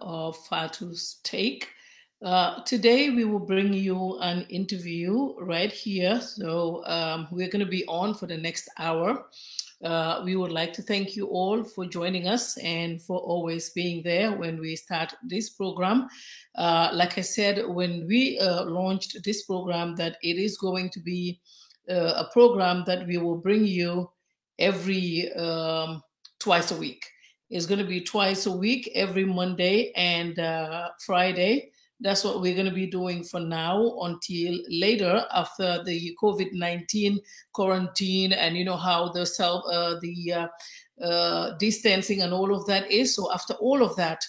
of Fatu's uh, Take. Uh, today, we will bring you an interview right here. So, um, we're going to be on for the next hour. Uh, we would like to thank you all for joining us and for always being there when we start this program. Uh, like I said, when we uh, launched this program, that it is going to be uh, a program that we will bring you every um, twice a week. It's going to be twice a week, every Monday and uh, Friday. That's what we're going to be doing for now until later after the COVID nineteen quarantine and you know how the self uh, the uh, uh distancing and all of that is. So after all of that,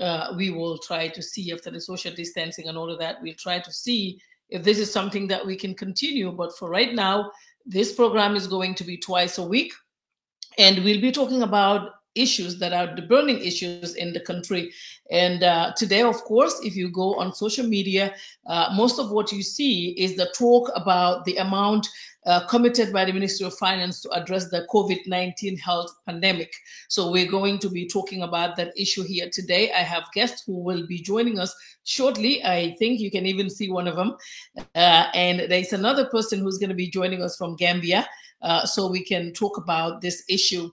uh, we will try to see after the social distancing and all of that, we'll try to see if this is something that we can continue. But for right now, this program is going to be twice a week, and we'll be talking about issues that are the burning issues in the country. And uh, today, of course, if you go on social media, uh, most of what you see is the talk about the amount uh, committed by the Ministry of Finance to address the COVID 19 health pandemic. So, we're going to be talking about that issue here today. I have guests who will be joining us shortly. I think you can even see one of them. Uh, and there's another person who's going to be joining us from Gambia uh, so we can talk about this issue.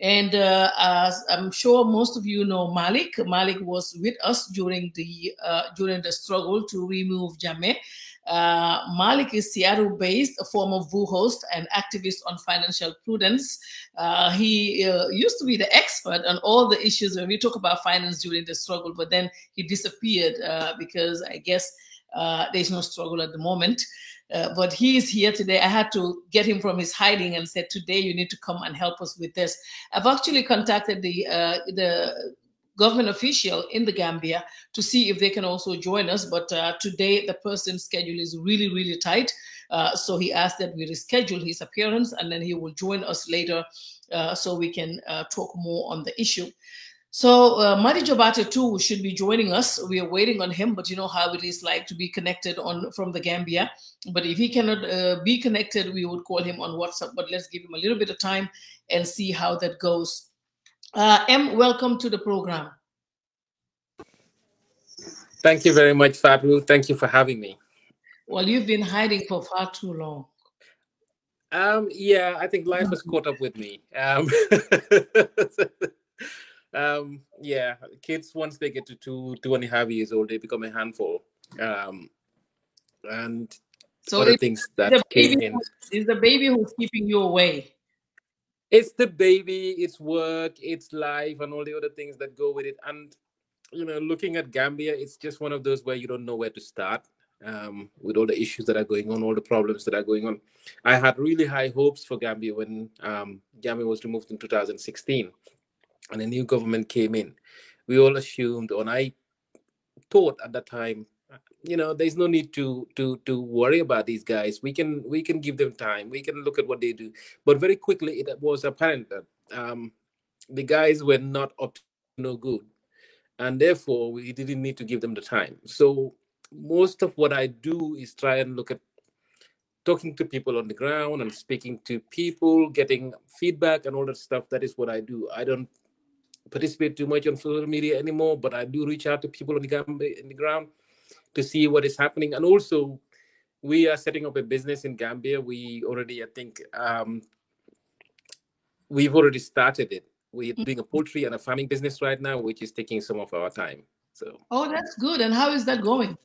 And uh, as I'm sure most of you know Malik. Malik was with us during the uh, during the struggle to remove Jame. Uh, Malik is Seattle-based, a former VU host and activist on financial prudence. Uh, he uh, used to be the expert on all the issues when we talk about finance during the struggle, but then he disappeared uh, because I guess uh, there's no struggle at the moment. Uh, but he is here today. I had to get him from his hiding and said, today you need to come and help us with this. I've actually contacted the uh, the government official in the Gambia to see if they can also join us. But uh, today the person's schedule is really, really tight. Uh, so he asked that we reschedule his appearance and then he will join us later uh, so we can uh, talk more on the issue. So uh, Mari too should be joining us. We are waiting on him, but you know how it is like to be connected on from the Gambia. But if he cannot uh, be connected, we would call him on WhatsApp. But let's give him a little bit of time and see how that goes. Uh, M, welcome to the program. Thank you very much, Fabio. Thank you for having me. Well, you've been hiding for far too long. Um, yeah, I think life has caught up with me. Um, Um, yeah, kids once they get to two two and a half years old, they become a handful. Um, and so other things that came in. Is the baby who's keeping you away? It's the baby, it's work, it's life, and all the other things that go with it. And you know, looking at Gambia, it's just one of those where you don't know where to start. Um, with all the issues that are going on, all the problems that are going on. I had really high hopes for Gambia when um, Gambia was removed in 2016 and a new government came in, we all assumed, and I thought at that time, uh, you know, there's no need to to to worry about these guys. We can we can give them time. We can look at what they do. But very quickly, it was apparent that um, the guys were not up to no good, and therefore we didn't need to give them the time. So most of what I do is try and look at talking to people on the ground and speaking to people, getting feedback and all that stuff. That is what I do. I don't participate too much on social media anymore, but I do reach out to people on the, Gambia, on the ground to see what is happening. And also, we are setting up a business in Gambia. We already, I think, um, we've already started it. We're mm. doing a poultry and a farming business right now, which is taking some of our time. So. Oh, that's good. And how is that going?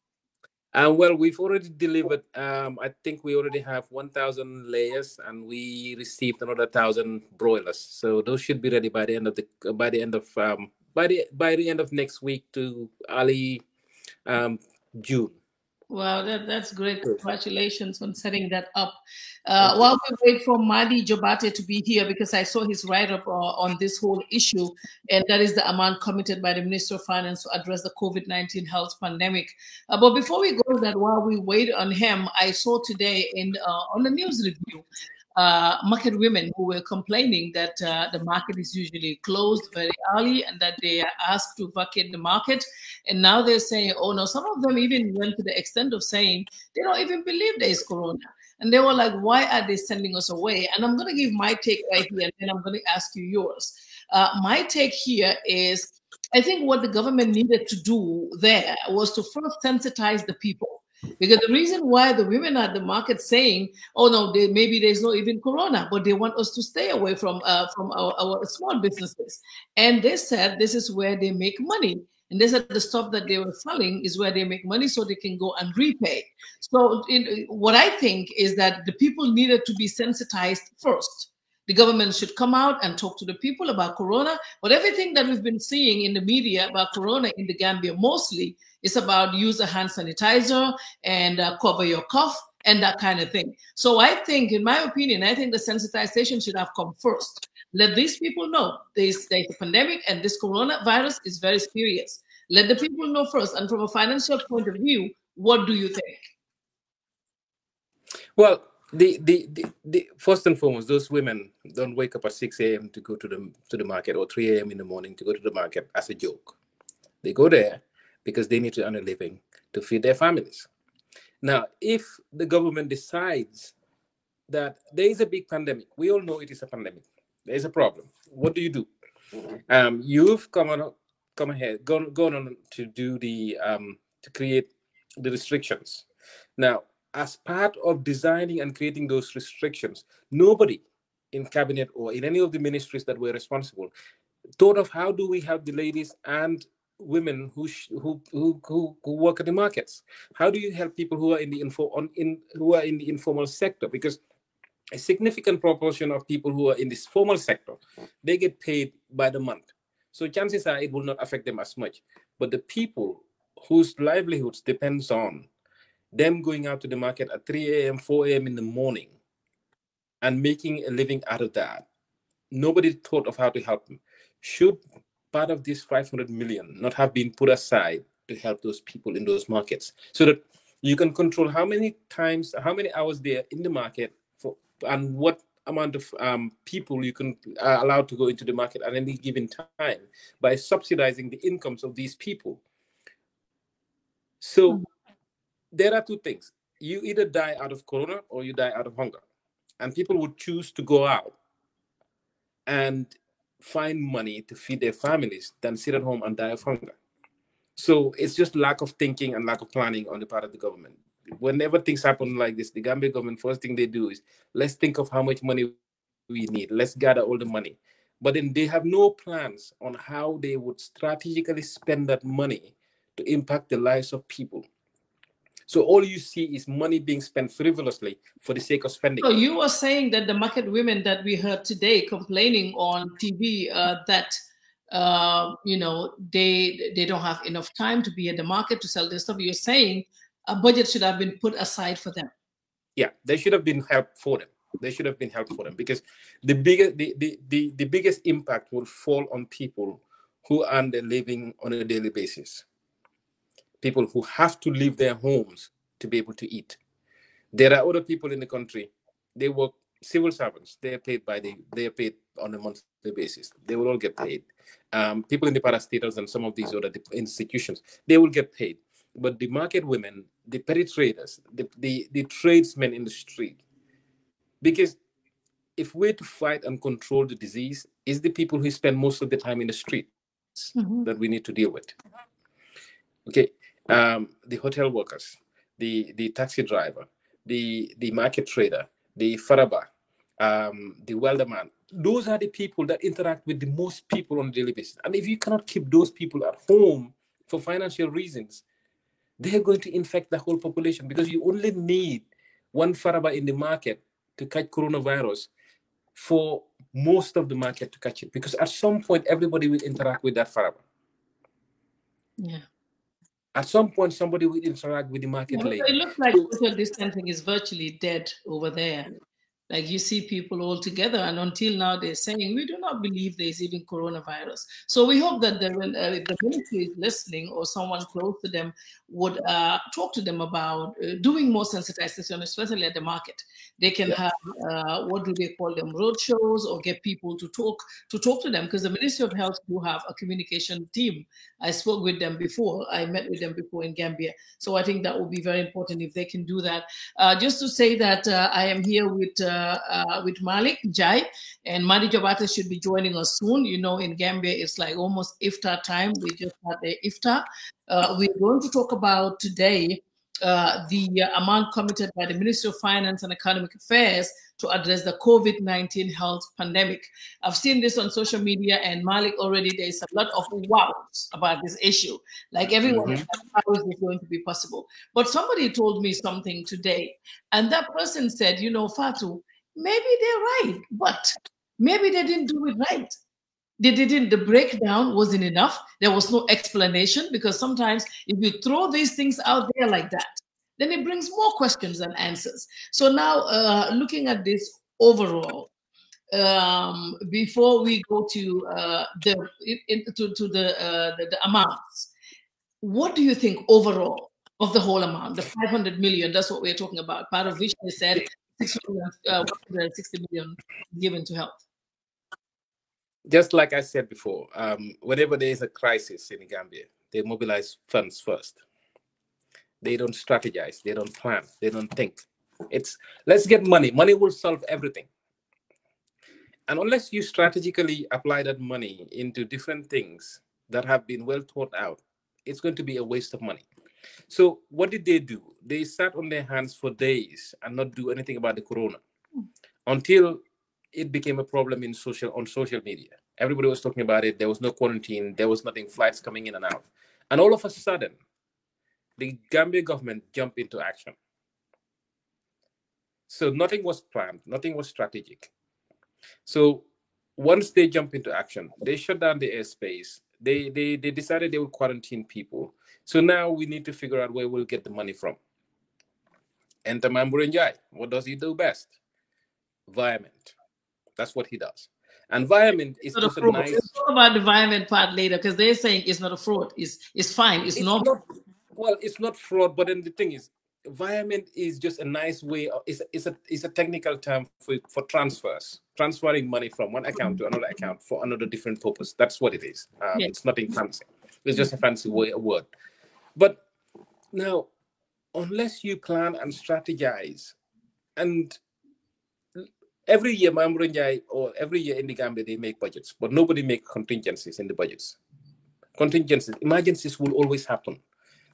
Um, well, we've already delivered. Um, I think we already have 1,000 layers, and we received another thousand broilers. So those should be ready by the end of the by the end of um, by the by the end of next week to early um, June. Wow, that, that's great. Congratulations on setting that up. Uh, while we wait for Madi Jobate to be here, because I saw his write up uh, on this whole issue, and that is the amount committed by the Minister of Finance to address the COVID 19 health pandemic. Uh, but before we go that, while we wait on him, I saw today in uh, on the news review uh, market women who were complaining that uh, the market is usually closed very early and that they are asked to vacate the market. And now they're saying, oh no, some of them even went to the extent of saying they don't even believe there is corona. And they were like, why are they sending us away? And I'm going to give my take right here and then I'm going to ask you yours. Uh, my take here is I think what the government needed to do there was to first sensitize the people because the reason why the women at the market saying, "Oh no, they, maybe there's not even corona," but they want us to stay away from uh, from our, our small businesses, and they said this is where they make money. And they said the stuff that they were selling is where they make money so they can go and repay. So, in, what I think is that the people needed to be sensitized first. The government should come out and talk to the people about Corona. But everything that we've been seeing in the media about Corona in the Gambia mostly it's about use a hand sanitizer and uh, cover your cough and that kind of thing. So I think, in my opinion, I think the sensitization should have come first. Let these people know this: there's pandemic and this coronavirus is very serious. Let the people know first. And from a financial point of view, what do you think? Well, the, the, the, the, first and foremost, those women don't wake up at 6 a.m. to go to the to the market or 3 a.m. in the morning to go to the market as a joke. They go there because they need to earn a living to feed their families. Now, if the government decides that there is a big pandemic, we all know it is a pandemic, there is a problem. What do you do? Um, you've come on, come ahead, gone, gone on to do the um, to create the restrictions. Now, as part of designing and creating those restrictions, nobody in cabinet or in any of the ministries that were responsible thought of how do we help the ladies and women who, who who who work at the markets? How do you help people who are in the info on in who are in the informal sector? Because a significant proportion of people who are in this formal sector, they get paid by the month. So chances are it will not affect them as much. But the people whose livelihoods depends on them going out to the market at 3 a.m., 4 a.m. in the morning and making a living out of that, nobody thought of how to help them. Should part of this 500 million not have been put aside to help those people in those markets so that you can control how many times how many hours they are in the market for and what amount of um, people you can uh, allow to go into the market at any given time by subsidizing the incomes of these people so mm-hmm. there are two things you either die out of corona or you die out of hunger and people would choose to go out and find money to feed their families than sit at home and die of hunger. So it's just lack of thinking and lack of planning on the part of the government. Whenever things happen like this, the Gambia government first thing they do is let's think of how much money we need. Let's gather all the money. But then they have no plans on how they would strategically spend that money to impact the lives of people. So all you see is money being spent frivolously for the sake of spending. So you are saying that the market women that we heard today complaining on TV uh, that uh, you know they they don't have enough time to be at the market to sell their stuff. You're saying a budget should have been put aside for them. Yeah, they should have been help for them. They should have been help for them because the bigger the, the, the, the biggest impact will fall on people who earn their living on a daily basis people who have to leave their homes to be able to eat. There are other people in the country, they work civil servants, they are paid by the they are paid on a monthly basis. They will all get paid. Um, people in the parastatals and some of these other institutions, they will get paid. But the market women, the petty traders, the, the, the tradesmen in the street, because if we're to fight and control the disease, it's the people who spend most of the time in the street mm-hmm. that we need to deal with. Okay, um, the hotel workers, the, the taxi driver, the, the market trader, the faraba, um, the man. Those are the people that interact with the most people on a daily basis. And if you cannot keep those people at home for financial reasons, they're going to infect the whole population because you only need one faraba in the market to catch coronavirus for most of the market to catch it because at some point everybody will interact with that faraba. Yeah at some point somebody will interact with the market later. it looks like social distancing is virtually dead over there. Like you see people all together, and until now they're saying we do not believe there is even coronavirus. So we hope that the, uh, the ministry is listening, or someone close to them would uh, talk to them about uh, doing more sensitization, especially at the market. They can have uh, what do they call them road shows, or get people to talk to talk to them because the Ministry of Health do have a communication team. I spoke with them before. I met with them before in Gambia. So I think that would be very important if they can do that. Uh, just to say that uh, I am here with. Uh, with Malik Jai, and Madi should be joining us soon. You know, in Gambia, it's like almost iftar time. We just had the iftar. Uh, we're going to talk about today uh, the amount committed by the Ministry of Finance and Economic Affairs to address the COVID 19 health pandemic. I've seen this on social media, and Malik already, there's a lot of wows about this issue. Like everyone, mm -hmm. how is this going to be possible? But somebody told me something today, and that person said, you know, Fatu, maybe they're right, but maybe they didn't do it right they didn't the breakdown wasn't enough there was no explanation because sometimes if you throw these things out there like that then it brings more questions than answers so now uh, looking at this overall um, before we go to uh, the in, to, to the, uh, the, the amounts what do you think overall of the whole amount the 500 million that's what we're talking about part of which they said 660 uh, million given to health just like I said before, um, whenever there is a crisis in Gambia, they mobilize funds first. They don't strategize. They don't plan. They don't think. It's let's get money. Money will solve everything. And unless you strategically apply that money into different things that have been well thought out, it's going to be a waste of money. So what did they do? They sat on their hands for days and not do anything about the corona hmm. until it became a problem in social on social media. Everybody was talking about it. There was no quarantine. There was nothing. Flights coming in and out, and all of a sudden, the Gambia government jumped into action. So nothing was planned. Nothing was strategic. So once they jump into action, they shut down the airspace. They they they decided they would quarantine people. So now we need to figure out where we'll get the money from. Enter Mamburinjai. What does he do best? Environment. That's what he does. Environment is not a fraud. Nice... talk about the environment part later because they're saying it's not a fraud. It's it's fine. It's, it's normal. Not, well, it's not fraud, but then the thing is, environment is just a nice way. Of, it's it's a it's a technical term for for transfers, transferring money from one account to another account for another different purpose. That's what it is. Um, yes. It's nothing fancy. It's just a mm. fancy way a word. But now, unless you plan and strategize, and every year Mamrunjai or every year in the Gambia they make budgets, but nobody make contingencies in the budgets. Contingencies, emergencies will always happen.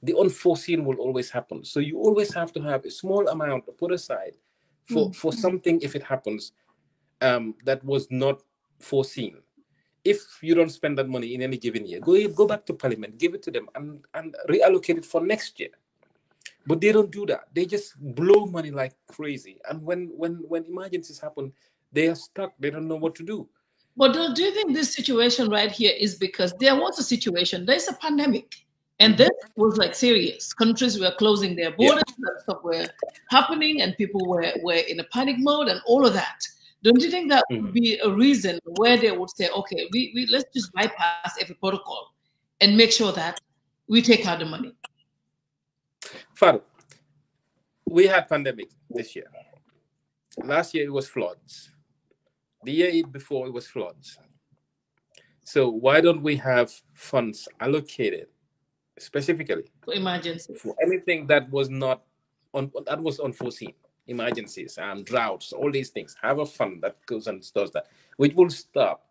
The unforeseen will always happen. So you always have to have a small amount put aside for, mm -hmm. for something if it happens um, that was not foreseen. If you don't spend that money in any given year, go go back to Parliament, give it to them, and and reallocate it for next year but they don't do that they just blow money like crazy and when when when emergencies happen they are stuck they don't know what to do but do you think this situation right here is because there was a situation there's a pandemic and mm-hmm. this was like serious countries were closing their borders yeah. stuff were happening and people were were in a panic mode and all of that don't you think that mm. would mm-hmm. be a reason where they would say okay we, we let's just bypass every protocol and make sure that we take out the money Farouk, we had pandemic this year. Last year it was floods. The year before it was floods. So why don't we have funds allocated specifically for emergencies for anything that was not on that was unforeseen emergencies um, droughts all these things have a fund that goes and does that which will stop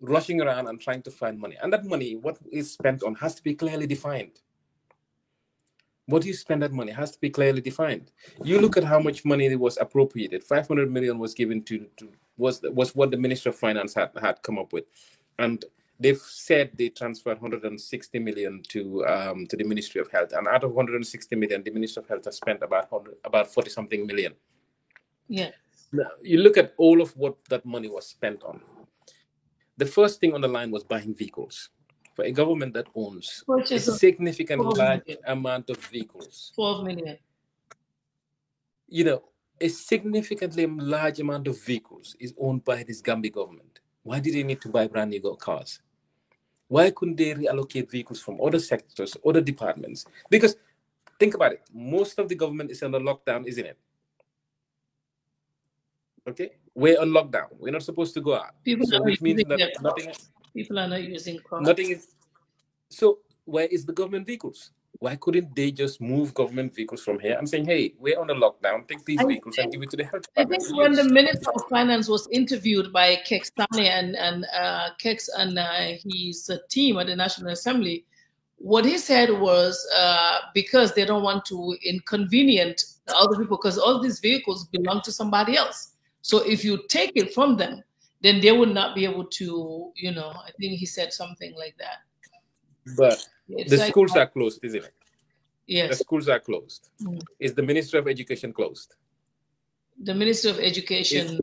rushing around and trying to find money and that money what is spent on has to be clearly defined what do you spend that money? It has to be clearly defined. You look at how much money was appropriated. 500 million was given to, to was was what the Minister of Finance had, had come up with. And they've said they transferred 160 million to um, to the Ministry of Health, and out of 160 million, the Ministry of Health has spent about about 40 something million. Yeah. Now, you look at all of what that money was spent on. The first thing on the line was buying vehicles for a government that owns a significant large amount of vehicles. 12 million. You know, a significantly large amount of vehicles is owned by this Gambia government. Why did they need to buy brand new cars? Why couldn't they reallocate vehicles from other sectors, other departments? Because think about it, most of the government is under lockdown, isn't it? Okay, we're on lockdown. We're not supposed to go out, People so which means that nothing. Else People are not using cars. Nothing is. So where is the government vehicles? Why couldn't they just move government vehicles from here? I'm saying, hey, we're on a lockdown. Take these I vehicles think, and give it to the health department. I think when the Minister of Finance was interviewed by Kekstani and and uh, and uh, his team at the National Assembly, what he said was uh, because they don't want to inconvenience other people because all these vehicles belong to somebody else. So if you take it from them, then they would not be able to, you know, I think he said something like that. But it's the like, schools are closed, isn't it? Yes. The schools are closed. Mm. Is the Ministry of Education closed? The Ministry of Education. Is,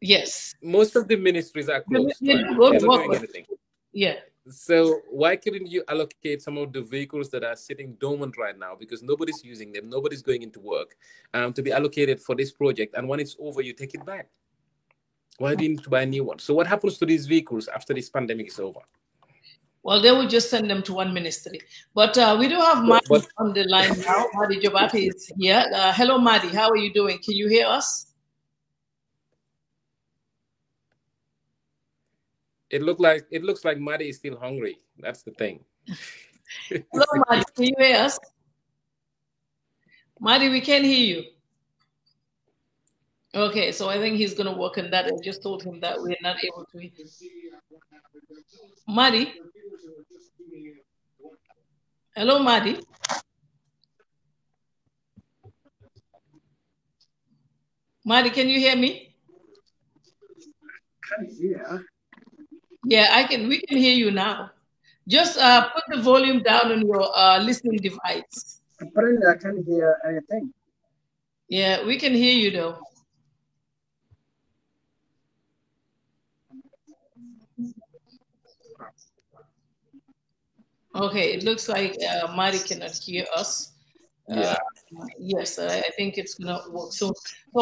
yes. Most of the ministries are closed. The, right? They're not doing anything. Yeah. So why couldn't you allocate some of the vehicles that are sitting dormant right now because nobody's using them, nobody's going into work, um, to be allocated for this project, and when it's over, you take it back. Why do you need to buy a new one? So what happens to these vehicles after this pandemic is over? Well, they will just send them to one ministry. But uh, we do have Madi but, on the line now. Madi Jobati is here. Uh, hello, Madi. How are you doing? Can you hear us? It looks like it looks like Madi is still hungry. That's the thing. hello, Madi. Can you hear us? Madi, we can not hear you. Okay, so I think he's going to work on that. I just told him that we're not able to. Madi? Hello, Madi? Madi, can you hear me? hear. Yeah, I can. We can hear you now. Just uh, put the volume down on your uh, listening device. Apparently, I can't hear anything. Yeah, we can hear you though. Okay, it looks like uh, Mari cannot hear us. Uh, yeah. Uh, yes, uh, I think it's going to work. So, so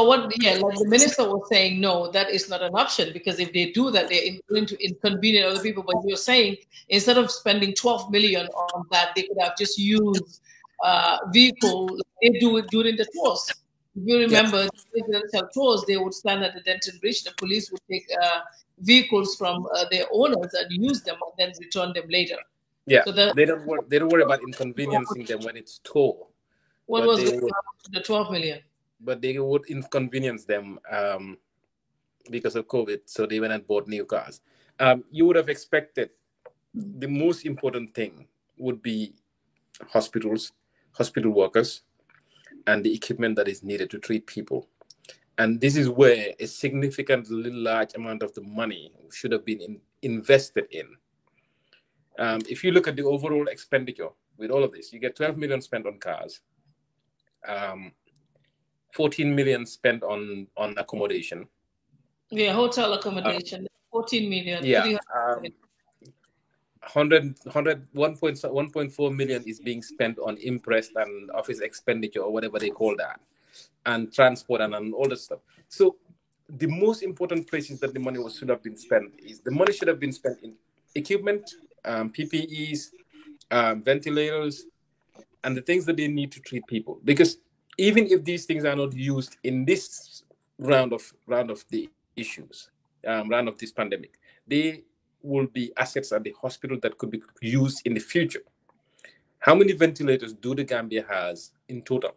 what, yeah, like the minister was saying, no, that is not an option because if they do that, they're going to inconvenience other people. But you're saying instead of spending 12 million on that, they could have just used uh, vehicle, they do it during the tours. If you remember, yes. the residential tours, they would stand at the Denton Bridge. The police would take uh, vehicles from uh, their owners and use them and then return them later. Yeah, so the, they don't worry, they don't worry about inconveniencing them when it's tall. What was the, would, the 12 million? But they would inconvenience them um, because of COVID, so they went and bought new cars. Um, you would have expected the most important thing would be hospitals, hospital workers, and the equipment that is needed to treat people. And this is where a significantly large amount of the money should have been in, invested in um, if you look at the overall expenditure with all of this, you get 12 million spent on cars, um, 14 million spent on on accommodation. Yeah, hotel accommodation, 14 million. Yeah. Um, 100, 100, 1.4 million is being spent on impress and office expenditure or whatever they call that, and transport and, and all that stuff. So the most important places that the money was should have been spent is the money should have been spent in equipment, um, PPEs, um, ventilators, and the things that they need to treat people. Because even if these things are not used in this round of round of the issues, um, round of this pandemic, they will be assets at the hospital that could be used in the future. How many ventilators do the Gambia has in total?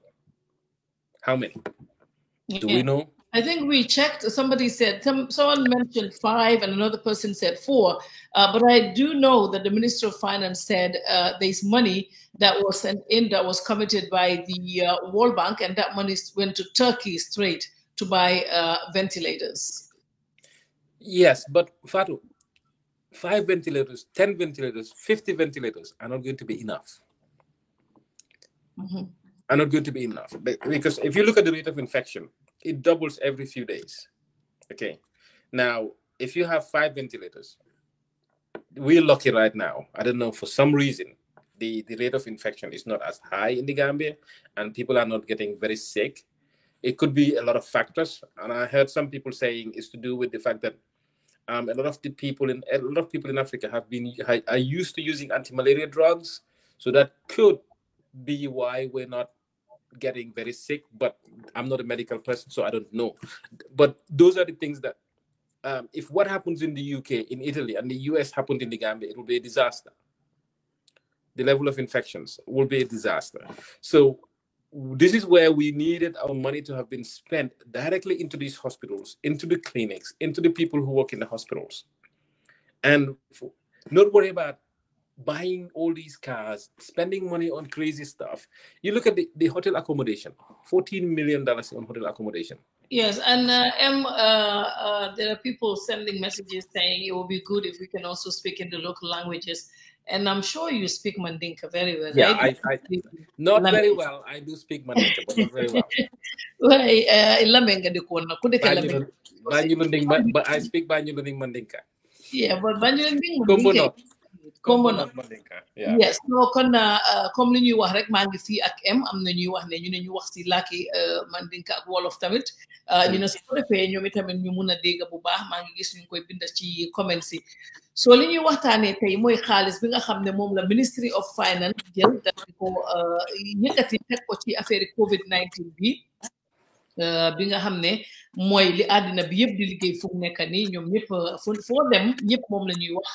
How many? Yeah. Do we know? I think we checked. Somebody said someone mentioned five, and another person said four. Uh, but I do know that the Minister of Finance said uh, there's money that was sent in that was committed by the uh, World Bank, and that money went to Turkey straight to buy uh, ventilators. Yes, but Fatu, five ventilators, ten ventilators, fifty ventilators are not going to be enough. Mm -hmm. Are not going to be enough because if you look at the rate of infection it doubles every few days. Okay. Now, if you have five ventilators, we're lucky right now. I don't know, for some reason, the, the rate of infection is not as high in the Gambia and people are not getting very sick. It could be a lot of factors. And I heard some people saying it's to do with the fact that um, a lot of the people in a lot of people in Africa have been are used to using anti-malaria drugs, so that could be why we're not getting very sick, but I'm not a medical person, so I don't know. But those are the things that, um, if what happens in the UK, in Italy, and the US happened in the Gambia, it will be a disaster. The level of infections will be a disaster. So this is where we needed our money to have been spent directly into these hospitals, into the clinics, into the people who work in the hospitals, and not worry about buying all these cars, spending money on crazy stuff. You look at the, the hotel accommodation, $14 million on hotel accommodation. Yes, and uh, M, uh, uh, there are people sending messages saying it will be good if we can also speak in the local languages. And I'm sure you speak Mandinka very well. Yeah, right? I, I, not very well. I do speak Mandinka, but not very well. Uh, but I speak Banyulunding Mandinka. Yeah, but Banyulunding Mandinka. combo na yes no kon euh, comme li ñuy wax rek maa ngi fii ak m am na ñuy wax ne ñu ne ñu wax si làkki euh, mandinka ak wolof tamit euh, ñu ne su ko defee ñoom tamit ñu mun a dégg bu baax maa ngi gis ñu koy bind ci comment si soo li ñuy waxtaanee tey mooy xaalis bi nga xam ne moom la Ministry of Finance jël daal di ko ci affaire covid 19 bi Euh, bi nga xam ne mooy li àddina bi yëpp di liggéey fu mu nekk ñoom ñëpp euh, foo dem ñëpp moom la ñuy wax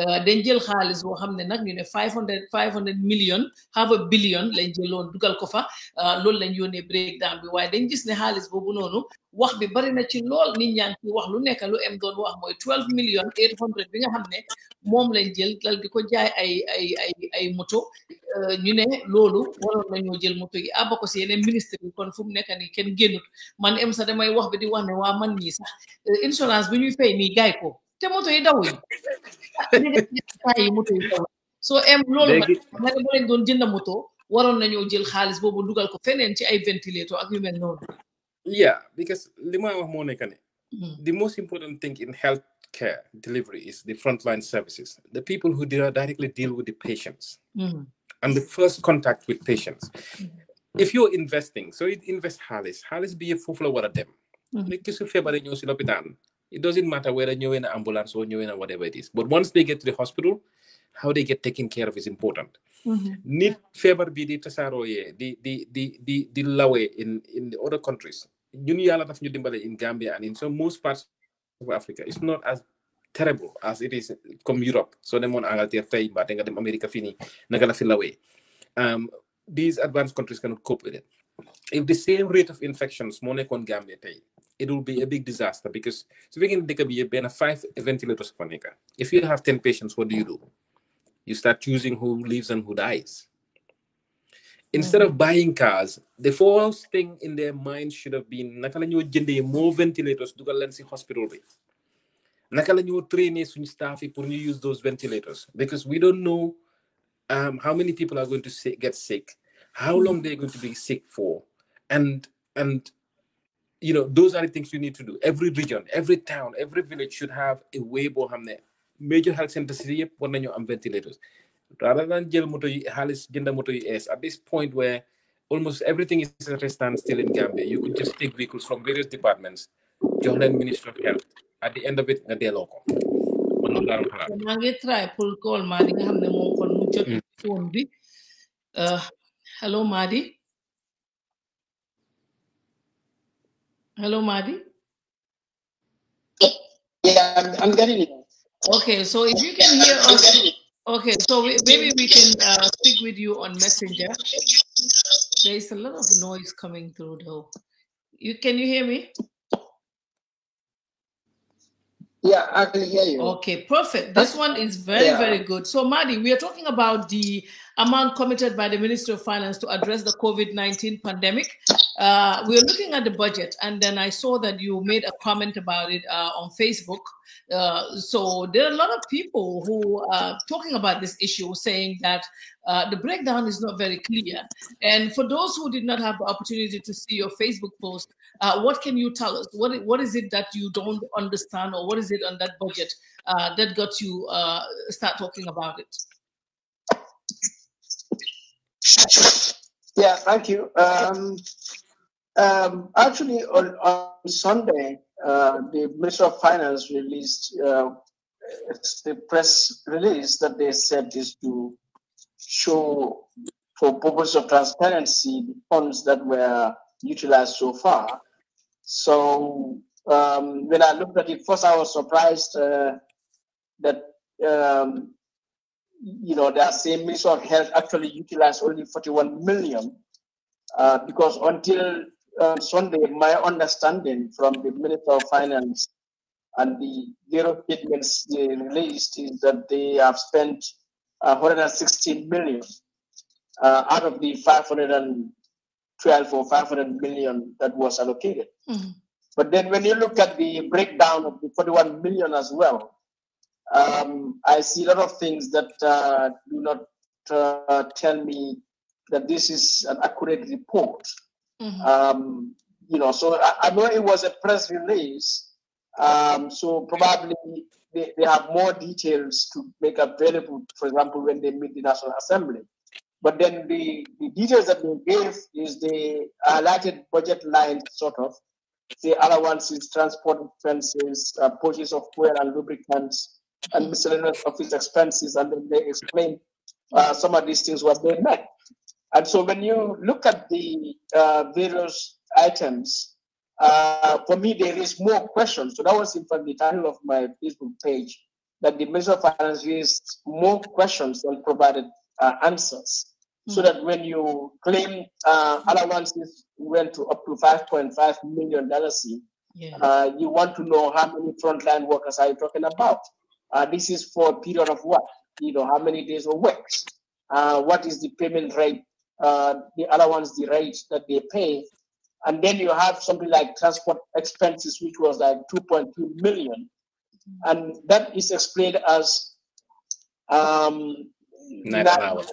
euh, dañ jël xaalis boo xam ne nag ñu ne five hundred five hundred million half billion lañ jëloon dugal ko fa loolu lañ yónnee breakdown bi waaye dañ gis ne xaalis boobu noonu wax bi bari na ci lool nit ñaa ngi wax lu nekk lu em doon wax mooy twelve million eight hundred bi nga xam ne moom lañ jël dal di ko jaay ay ay ay ay moto euh, ñu ne loolu waroon nañoo jël moto yi àbba ko ministre yi kon fu mu nekk nii kenn génnut man em sa damay wax bi di wax ne waa man ñii sax euh, insurance bi ñuy fay nii gaay ko te moto yi dawuñu ah, yi moto yi daw soo em loolu ma ne bu leen doon jënd moto waroon na nañoo jël xaalis boobu dugal ko feneen ci ay ventilateur ak yu mel noonu Yeah, because lima wax mo mm-hmm. the most important thing in healthcare delivery is the frontline services, the people who directly deal with the patients mm-hmm. and the first contact with patients. Mm-hmm. If you're investing, so it invest Halis, Halis be a full what of them. Mm-hmm. It doesn't matter whether you're in an ambulance or you're in a whatever it is. But once they get to the hospital, how they get taken care of is important. Mm-hmm. Need favor be the the the the the the in in the other countries ñun yàlla daf ñu dimbale in Gambia and in so most parts of Africa it's not as terrible as it is comme Europe soo demoon Angleterre tey mbaa te nga dem America fii nii naka la fi lawee um, these advanced countries cannot cope with it if the same rate of infections moo nekkoon Gambia tey it will be a big disaster because su fekkee can dëkk bi yëpp benn five ventilators fa nekk if you have ten patients what do you do you start choosing who lives and who dies instead of mm-hmm. buying cars the first thing in their mind should have been naka la ñoo jëndee more ventilators dugal leen si hospital bi naka la ñoo trainer suñ staff yi pour ñu use those ventilators because we don't know um, how many people are going to get sick how mm-hmm. long they're going to be sick for and and you know those are the things you need to do every region every town every village should have a way boo xam major health centers yëpp war nañoo am ventilators rather than jël moto halis xaalis jënda moto yu at this point where almost everything is at a standstill in Gambia you could just take vehicles from various departments jox leen ministry of health at the end of it they are local. try pull call Madi nga xam ne kon mu jot mm. phone bi uh, hello Madi hello Madi yeah I'm getting it okay so if you can hear us Okay, so we, maybe we can uh, speak with you on Messenger. There is a lot of noise coming through, though. You can you hear me? Yeah, I can hear you. Okay, perfect. This one is very, yeah. very good. So, Madi, we are talking about the amount committed by the Ministry of Finance to address the COVID 19 pandemic. Uh, we are looking at the budget, and then I saw that you made a comment about it uh, on Facebook. Uh, so there are a lot of people who are talking about this issue, saying that uh, the breakdown is not very clear. And for those who did not have the opportunity to see your Facebook post, uh, what can you tell us? What what is it that you don't understand, or what is it on that budget uh, that got you start talking about it? Yeah, thank you. Um, um, actually, on, on Sunday, uh, the Minister of Finance released uh, the press release that they said is to show, for purpose of transparency, the funds that were utilized so far. So um, when I looked at it first, I was surprised uh, that um, you know, that same Ministry of Health actually utilized only 41 million uh, because until uh, Sunday, my understanding from the Minister of Finance and the zero statements they released is that they have spent uh, 116 million uh, out of the 512 or 500 million that was allocated. Mm -hmm. But then when you look at the breakdown of the 41 million as well, um, I see a lot of things that uh, do not uh, tell me that this is an accurate report. Mm-hmm. Um, you know, so I, I, know it was a press release. Um, so probably they, they have more details to make available, for example, when they meet the National Assembly. But then the, the details that they gave is the highlighted budget lines, sort of. The allowances, transport expenses, uh, purchase of fuel and lubricants, and miscellaneous office expenses, and then they explain uh, some of these things what they meant. And so when you look at the uh, various items, uh, for me there is more questions. So that was in fact the title of my Facebook page that the Ministry of Finance raised more questions than provided uh, answers. Hmm. So that when you claim uh, allowances went to up to 5.5 million dollars, yeah. Uh, you want to know how many frontline workers are you talking about? Uh, this is for a period of what? You know, how many days of works? Uh, what is the payment rate? Uh, the other one's the rate that they pay. And then you have something like transport expenses, which was like 2.2 million. And that is explained as um, Net allowance.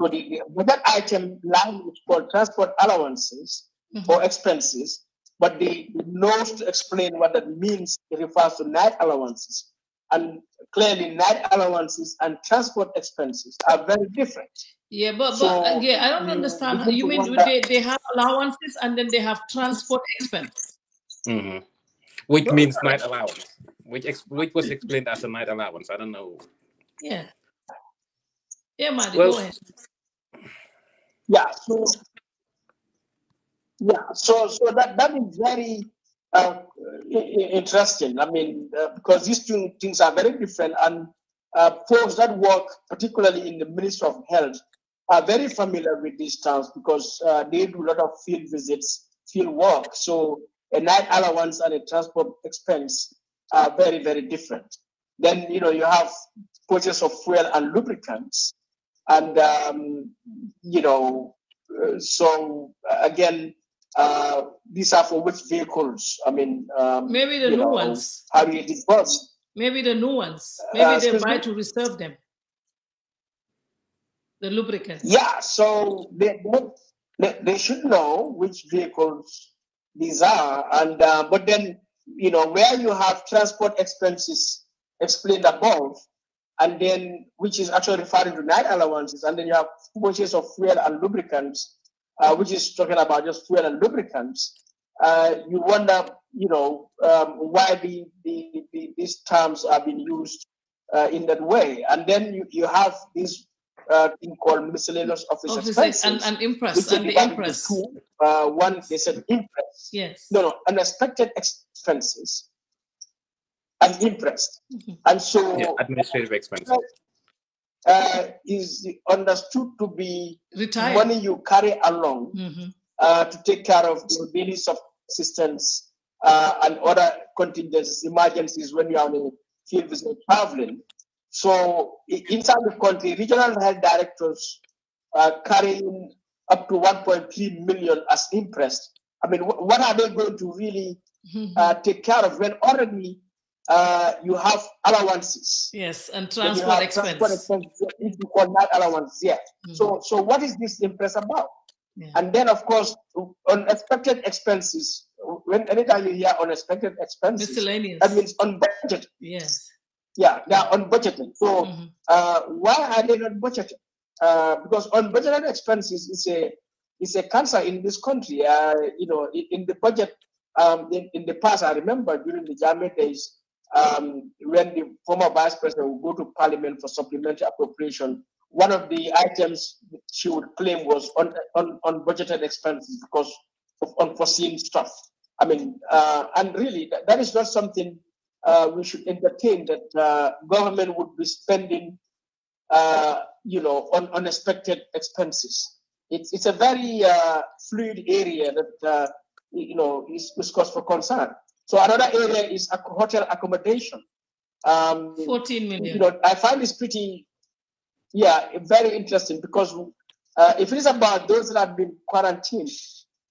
So the, the, that item line is called transport allowances mm-hmm. or expenses, but the, the laws to explain what that means It refers to night allowances and clearly night allowances and transport expenses are very different. Yeah, but, so, but again, I don't understand. You, you mean they, they have allowances and then they have transport expenses? Mm-hmm. Which means night allowance, which ex- which was explained as a night allowance. I don't know. Yeah. Yeah, Maddie, well, go ahead. Yeah, so yeah, so so that that is very uh, interesting. I mean, uh, because these two things are very different, and uh, folks that work, particularly in the Ministry of Health, are very familiar with these towns because uh, they do a lot of field visits, field work. So a night allowance and a transport expense are very, very different. Then you know you have purchase of fuel and lubricants, and um, you know, uh, so uh, again, uh, these are for which vehicles? I mean, um, maybe the new know, ones. How do you disperse? Maybe the new ones. Uh, maybe uh, they buy me? to reserve them. The lubricants. Yeah, so they they, they should know which vehicles these are, and uh, but then you know where you have transport expenses explained above, and then which is actually referring to night allowances, and then you have purchase of fuel and lubricants uh, which is talking about just fuel and lubricants, uh, you wonder, you know, um, why the, the, the, these terms are being used uh, in that way. And then you, you have this uh, thing called miscellaneous office expenses. And, and impress, and the impress. Two. Uh, one, they said impress. Yes. No, no, unexpected expenses and impress. Mm-hmm. And so... Yeah, administrative expenses uh, is understood to be Retired. money you carry along mm-hmm. uh, to take care of the daily subsistence uh, and other contingencies, emergencies when you are in a field visit traveling. So inside the country, regional health directors are uh, carrying up to 1.3 million as impressed. I mean, what are they going to really mm-hmm. uh, take care of when already uh, you have allowances. Yes, and transport expenses. Transport expense, if you call that allowance, yeah. Mm-hmm. So, so what is this impress about? Yeah. And then, of course, unexpected expenses. When anytime you hear unexpected expenses, miscellaneous. That means unbudgeted. Yes. Yeah, they are unbudgeted. So, mm-hmm. uh, why are they not budgeted? Uh, because unbudgeted expenses is a is a cancer in this country. Uh, you know, in, in the budget, um, in, in the past, I remember during the Jame days, um, when the former vice president would go to parliament for supplementary appropriation, one of the items she would claim was on, on, on budgeted expenses because of unforeseen stuff. I mean, uh, and really, that, that is not something uh, we should entertain that uh, government would be spending, uh, you know, on unexpected expenses. It's, it's a very uh, fluid area that, uh, you know, is, is cause for concern. So another area is hotel accommodation. Um, 14 million. You know, I find this pretty, yeah, very interesting because uh, if it is about those that have been quarantined,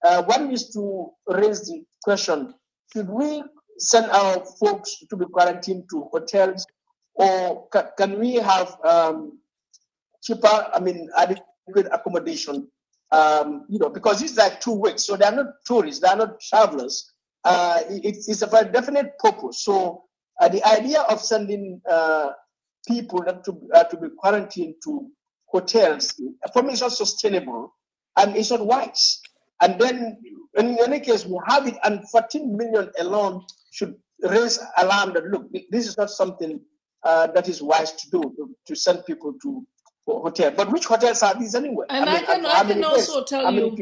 uh, one needs to raise the question should we send our folks to be quarantined to hotels or ca- can we have um, cheaper, I mean, adequate accommodation? Um, you know, because it's like two weeks, so they are not tourists, they are not travelers uh, it's, it's very a definite purpose. So uh, the idea of sending uh, people not to, uh, to be quarantined to hotels, for me, is not sustainable and it's not wise. And then, in any case, we have it, and 14 million alone should raise alarm that look, this is not something uh, that is wise to do to, to send people to hotel. But which hotels are these anyway? And I, mean, I can, I can also tell you,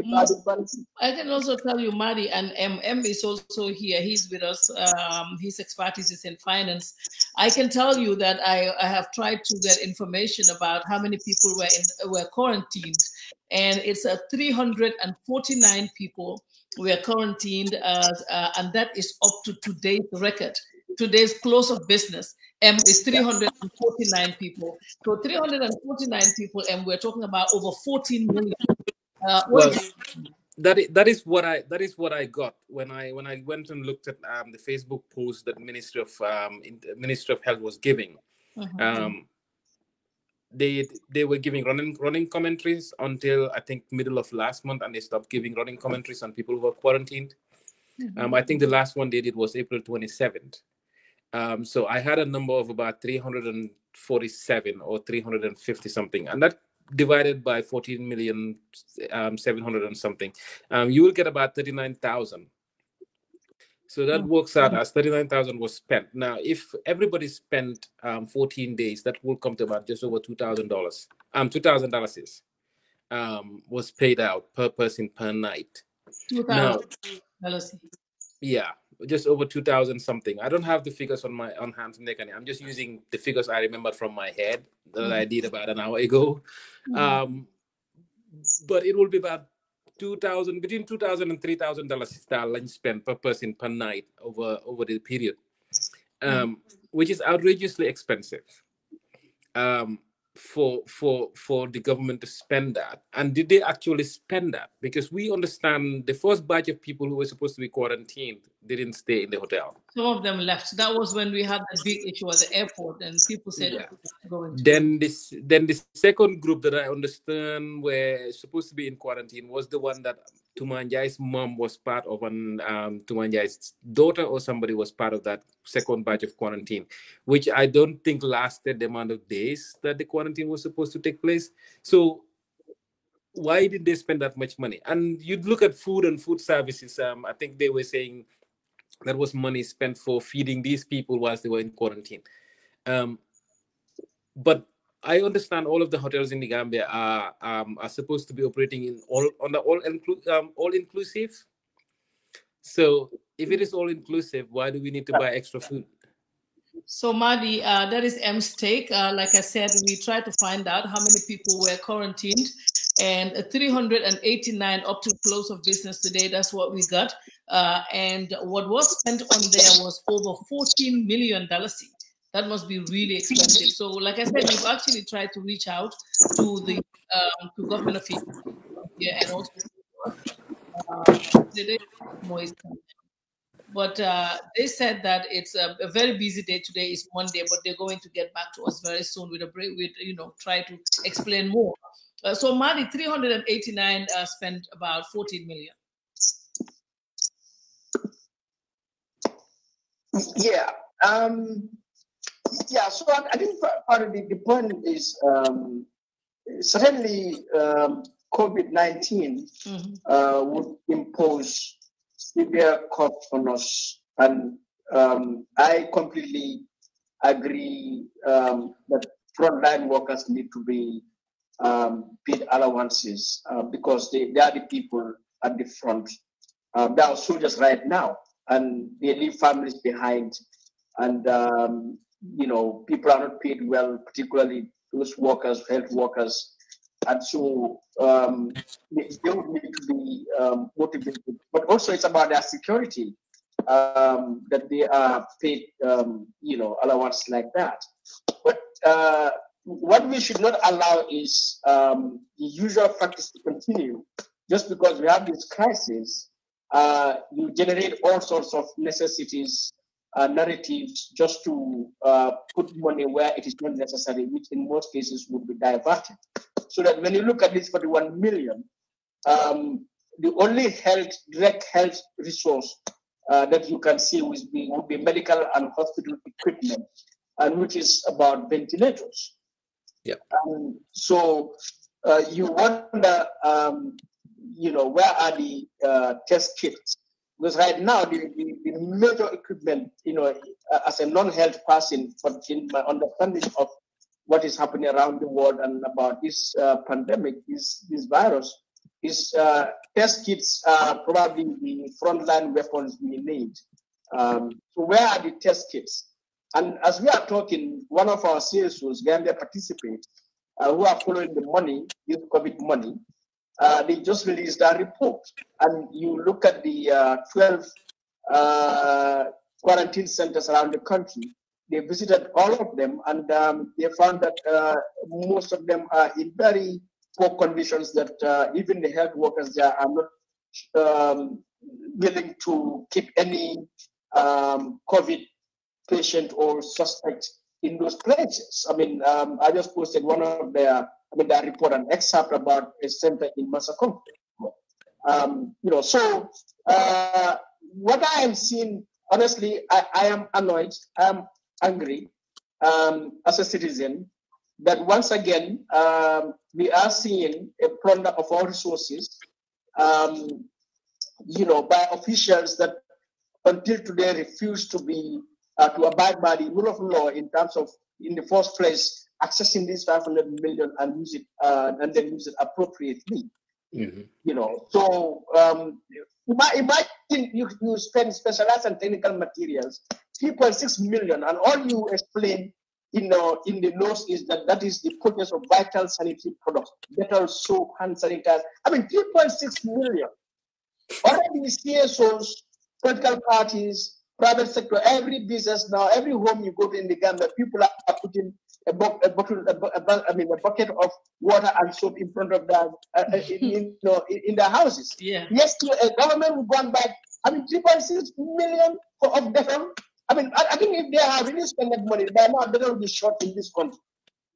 I can also tell you, Mari, and MM is also here. He's with us. Um, his expertise is in finance. I can tell you that I, I have tried to get information about how many people were in were quarantined, and it's a 349 people were quarantined, uh, uh, and that is up to today's record. Today's close of business um, is 349 people. So 349 people, and we're talking about over 14 million. Uh, well, that is, that is what I that is what I got when I when I went and looked at um, the Facebook post that Ministry of um, Ministry of Health was giving. Uh-huh. Um, they they were giving running running commentaries until I think middle of last month, and they stopped giving running commentaries on people who were quarantined. Mm-hmm. Um, I think the last one they did was April 27th. Um, so I had a number of about 347 or 350 something, and that divided by 14 million um, 700 and something, um, you will get about 39,000. So that oh, works out as 39,000 was spent. Now, if everybody spent um, 14 days, that will come to about just over $2,000. Um, $2,000 is um, was paid out per person per night. Yeah just over 2000 something i don't have the figures on my on hands neck i'm just using the figures i remembered from my head that mm. i did about an hour ago mm. um, but it will be about 2000 between 2000 and 3000 dollars lunch spent per person per night over over the period mm. um, mm. which is outrageously expensive um, for for for the government to spend that and did they actually spend that because we understand the first batch of people who were supposed to be quarantined didn't stay in the hotel some of them left that was when we had the big issue at the airport and people said yeah. then this then the second group that i understand were supposed to be in quarantine was the one that Tumanjai's mom was part of an um, Tumanjai's daughter or somebody was part of that second batch of quarantine, which I don't think lasted the amount of days that the quarantine was supposed to take place. So why did they spend that much money? And you'd look at food and food services. Um, I think they were saying that was money spent for feeding these people whilst they were in quarantine. Um, but I understand all of the hotels in the Gambia are um, are supposed to be operating in all on the all inclu- um, all inclusive. So if it is all inclusive, why do we need to buy extra food? So Madi, uh, that is M's take. Uh, like I said, we tried to find out how many people were quarantined, and 389 up to close of business today. That's what we got. Uh, and what was spent on there was over 14 million dollars that must be really expensive. So, like I said, we've actually tried to reach out to the um, to government officials here, and also uh, but uh, they said that it's a, a, very busy day today It's monday but they're going to get back to us very soon with a break with you know try to explain more uh, so mali 389 uh, spent about 14 million yeah um yeah, so I, I think part of the, the point is um, certainly um, COVID 19 mm-hmm. uh, would impose severe costs on us. And um, I completely agree um, that frontline workers need to be um, paid allowances uh, because they, they are the people at the front. Uh, they are soldiers right now, and they leave families behind. And um, you know, people are not paid well, particularly those workers, health workers. And so um, they, they not need to be um, motivated. But also, it's about their security um, that they are paid, um, you know, allowance like that. But uh, what we should not allow is um, the usual practice to continue. Just because we have this crisis, uh, you generate all sorts of necessities uh, narratives just to uh, put money where it is not necessary, which in most cases would be diverted. So that when you look at this 41 million, um, the only health direct health resource uh, that you can see would be, would be medical and hospital equipment, and which is about ventilators. Yeah. Um, so uh, you wonder, um, you know, where are the uh, test kits? Because right now the, the, major equipment, you know, uh, as a non-health person, but in my understanding of what is happening around the world and about this uh, pandemic, this, this virus, is uh, test kits are probably the frontline weapons we need. Um, so where are the test kits? And as we are talking, one of our CSOs, Gambia participants, uh, who are following the money, this COVID money, uh, they just released a report. And you look at the uh, 12 uh, quarantine centers around the country. They visited all of them and um, they found that uh, most of them are in very poor conditions that uh, even the health workers there are not um, willing to keep any um, COVID patient or suspect in those places. I mean, um, I just posted one of their, I mean, their report, an excerpt about a center in Massaconqua. Um, you know, so uh, what I am seeing, honestly, I, I am annoyed. I'm angry um, as a citizen that once again um, we are seeing a plunder of our resources. Um, you know, by officials that until today refuse to be uh, to abide by the rule of law in terms of, in the first place, accessing this 500 million and use it uh, and then use it appropriately. Mm-hmm. You know, so um, imagine you, you spend specialized and technical materials, 3.6 million, and all you explain you know, in the laws is that that is the purchase of vital sanitary products, metal soap, hand sanitizer. I mean, 3.6 million. Already CSOs, political parties, private sector, every business now, every home you go to in the Gambia, people are putting a, bo- a bottle, a, bo- a bu- I mean, a bucket of water and soap in front of them, uh, uh, in, you know, in, in their houses. Yeah. Yes, a government will gone back. I mean, 3.6 million for, of them. I mean, I, I, think if they have really spending money, by now not going to be short in this country.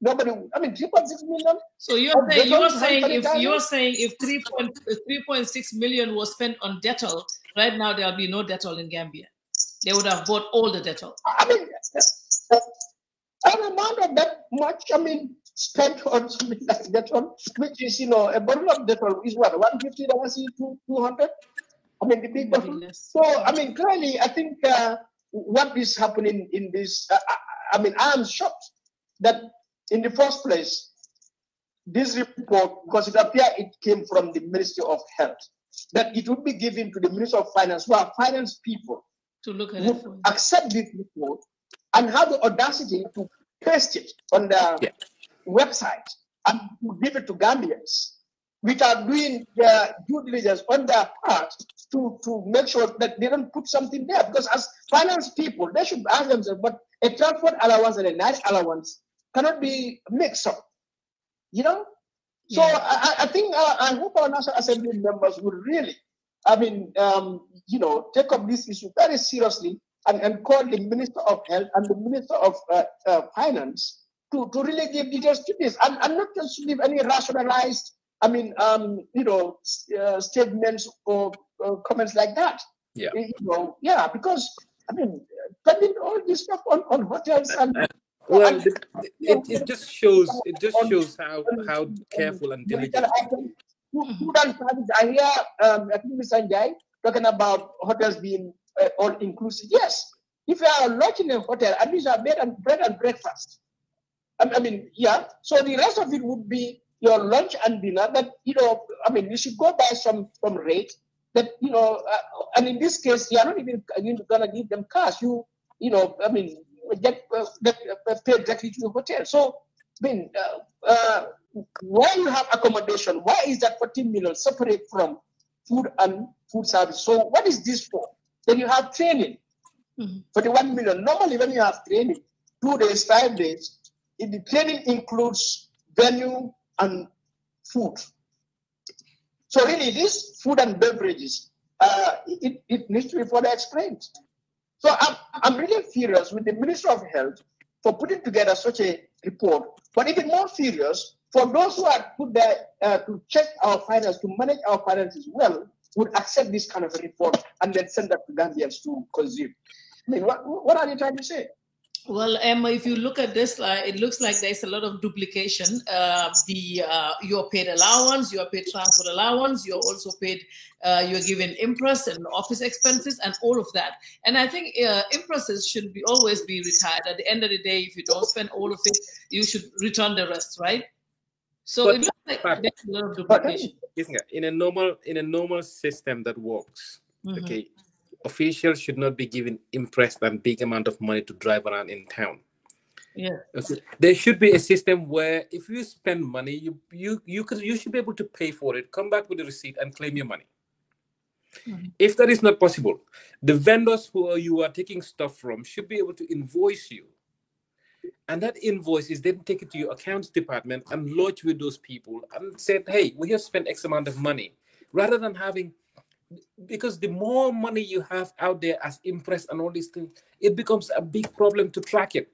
Nobody. I mean, 3.6 million. So you're saying you're saying if you're saying if 3.6 million was spent on Dettol, right now there'll be no Dettol in Gambia. They would have bought all the Dettol. I mean. I of that much, I mean, spent on something like that one, which is, you know, a bottle of Dettol is what, 150 dollars, 200? I mean, the big bottle. So, I mean, clearly, I think uh, what is happening in this, uh, I, uh, I mean, I am shocked that in the first place, this report, because it appeared it came from the Ministry of Health, that it would be given to the Ministry of Finance, who are finance people, to look at who it. accept this report and have the audacity to paste it on the yeah. website and give it to Gambians, which are doing their due diligence on their part to, to make sure that they don't put something there. Because as finance people, they should ask themselves, but a transport allowance and a night allowance cannot be mixed up. You know? So yeah. I, I, think, uh, I hope our National Assembly members will really, I mean, um, you know, take up this issue very seriously and, and call the Minister of Health and the Minister of uh, uh, Finance to, to really give details to this and, and not just to give any rationalized, I mean, um, you know, uh, statements or comments like that. Yeah. You know, yeah, because, I mean, putting all this stuff on, on hotels uh, uh, and. Well, and, it, it, it just shows it just shows how how careful and diligent. Food and service. I hear um, Sanjay talking about hotels being uh, all inclusive. Yes, if you are lodging in a hotel, at least you have bed and bread and breakfast. I, I mean, yeah. So the rest of it would be your lunch and dinner. That you know, I mean, you should go by some some rate that you know. Uh, and in this case, you are not even gonna give them cash. You you know, I mean, get uh, get uh, uh paid directly to the hotel. So, I mean, uh, uh why you have accommodation? Why is that 14 million separate from food and food service? So, what is this for? Then you have training. Mm-hmm. 41 million. Normally, when you have training, two days, five days, if the training includes venue and food. So really, this food and beverages, uh, it, it needs to be further explained. So I'm, I'm really furious with the Minister of Health for putting together such a report, but even more furious for those who are put there uh, to check our finances, to manage our finances well, would accept this kind of reform and then send that to Gambians to consume. I mean, what, what are you trying to say? Well, Emma, if you look at this uh, it looks like there's a lot of duplication. Uh, the uh, you're paid allowance, you're paid transport allowance, you're also paid, uh, you're given impress and office expenses and all of that. And I think uh, impresses should be always be retired. At the end of the day, if you don't spend all of it, you should return the rest, right? So but, it looks like but, there's In a normal in a normal system that works, mm-hmm. okay, officials should not be given impressed and big amount of money to drive around in town. Yeah. Okay. There should be a system where if you spend money, you you you could you should be able to pay for it, come back with a receipt and claim your money. Mm-hmm. If that is not possible, the vendors who you are taking stuff from should be able to invoice you and that invoice is then taken to your accounts department and lodged with those people and said, hey, we have spent X amount of money, rather than having because the more money you have out there as impress and all these things, it becomes a big problem to track it.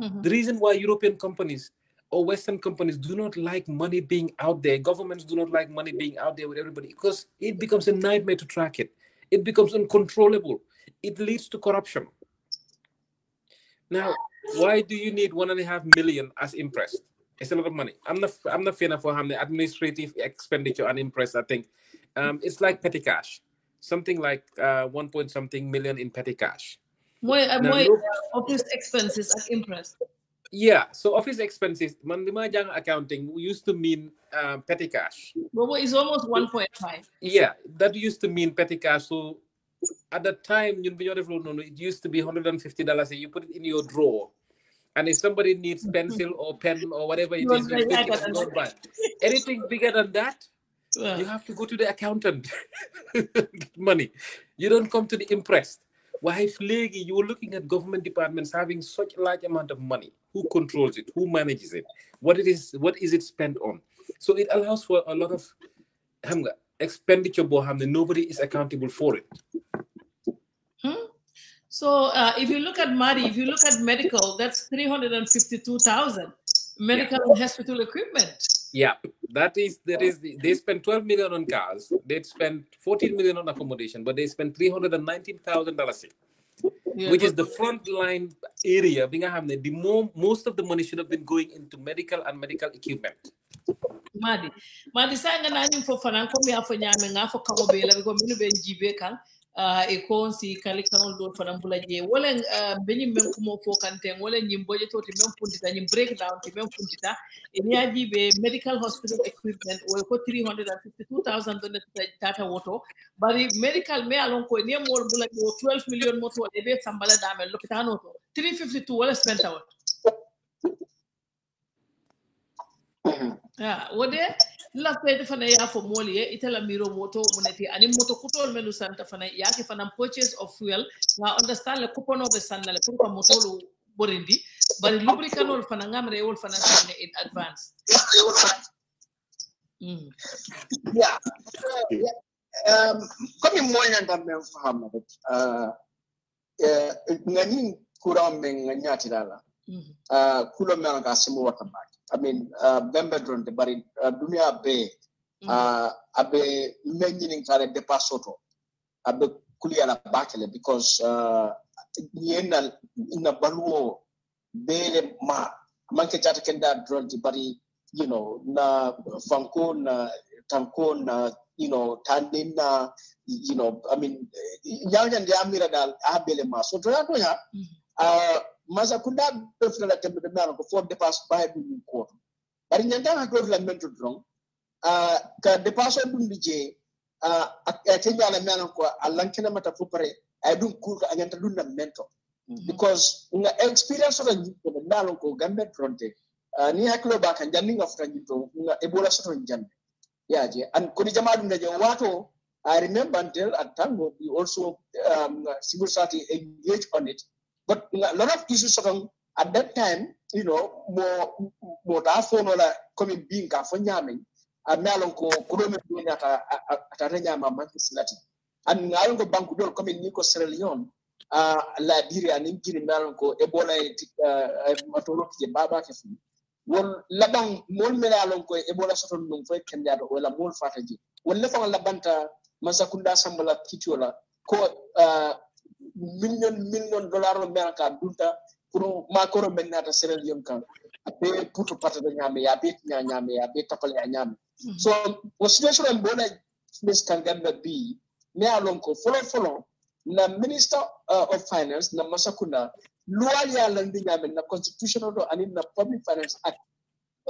Mm-hmm. The reason why European companies or Western companies do not like money being out there, governments do not like money being out there with everybody because it becomes a nightmare to track it. It becomes uncontrollable. It leads to corruption. Now, why do you need one and a half million as impressed? It's a lot of money. I'm not I'm not fair for how the administrative expenditure and impressed. I think um, it's like petty cash, something like uh, one point something million in petty cash. Why, eh, now, why uh, office expenses as impressed? Yeah, so office expenses, man, accounting used to mean uh, petty cash. Well, it's almost 1.5. Yeah, that used to mean petty cash. So at the time it used to be hundred and fifty dollars you put it in your drawer and if somebody needs mm-hmm. pencil or pen or whatever it is you it anything bigger than that yeah. you have to go to the accountant money you don't come to the impressed why flaky you were looking at government departments having such a large amount of money who controls it who manages it what it is what is it spent on so it allows for a lot of expenditure nobody is accountable for it Hmm? So uh, if you look at Mari, if you look at medical, that's 352,000 medical yeah. and hospital equipment. Yeah, that is that is they spend 12 million on cars, they spend 14 million on accommodation, but they spend 319,000 dollars. Yeah, which is the frontline area being the more, most of the money should have been going into medical and medical equipment madi madi sanga nani fo fanan ko mi afo nyame nga kamo be la ko minu jibe kan Ah, ekonsi kali kanol do fana bula je wala ah, benim men kumo fo kante wala nyim boje toti men puntita nyim breakdown ti men puntita eni aji be medical hospital equipment wo ko 352000 donne tata woto bari medical me alon ko ni mol bula ko 12 million moto e be sambala damel lopitano to 352 wala spent out. ah wode lafede fana ya fo moolu ye eh, ite la moto mu ani moto kutol mennu santa fana ye a ke fanaŋ purchase of fuel nga understand le kuponoo be sanna le pour que motoolu borindi bari lubricanoolu fana ŋa mara fana sanne in advance mm. yeah. Uh, yeah. Um, comme moolu ñanta meŋ fahama rek uh, uh, ŋa niŋ kuraŋo meŋ ŋa ñaatira mm-hmm. uh, kulo meŋ ka wata baake I mean, uh, bembedronde bari uh, duniya bee abe mbe ñininkaare dépassoto abe kuliyala baakele because ñeenna uh, na baluwo beele ma manke jaata kenda dronde bari you know na fanko na tanko na you know tandin na you know i mean ñawñande amira dal ha beele ma so to ya to ya mm-hmm. masa kunda be la tembe de maro ko fo dépasse baye dum ni ko bari nyanga na ko la mentu dron a ka dépasse dum bi je a a tinga la mena ko allan kina mata fu pare ay ah, dum ko ka anyanta dum na mento mhm. because nga experience gitu, eh. ah, of ngi ko dalo ko gambe fronte ni lo ba kan janni nga futa nyito nga ebola soto ya je an ko di jama dum je wato i remember until at tango we also um, civil society engaged on it But a lot of issues at that time, you know, more more phone or coming being for me, and Malonco, Kurome doing at a Renyama Mantis Latin. And Malonco Banco coming Nico Sierra Leone, uh, Liberia, and Ingiri Malonco, Ebola, uh, Matoloki, Baba Kafu. Well, Laban, Mol Melalonco, Ebola Soton Lumfo, Kenya, or La Mol Fataji. Well, Lefan Labanta, Masakunda Sambala Kitula, million million dollar o mel ka pour ma makoro men nata serel yon kan pour puto pata de nyame ya be nya nyame ya be tokol ya nyame hmm. so o situation en bona miss kangamba kan bi me alon ko folo folo na minister uh, of finance na masakuna luwal ya landi nyame na constitutional do ani na public finance act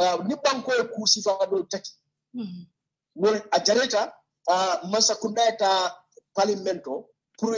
uh, ni banko e kursi fa hmm. uh, do tek mo -hmm. a jareta masakuna ta parliamento pour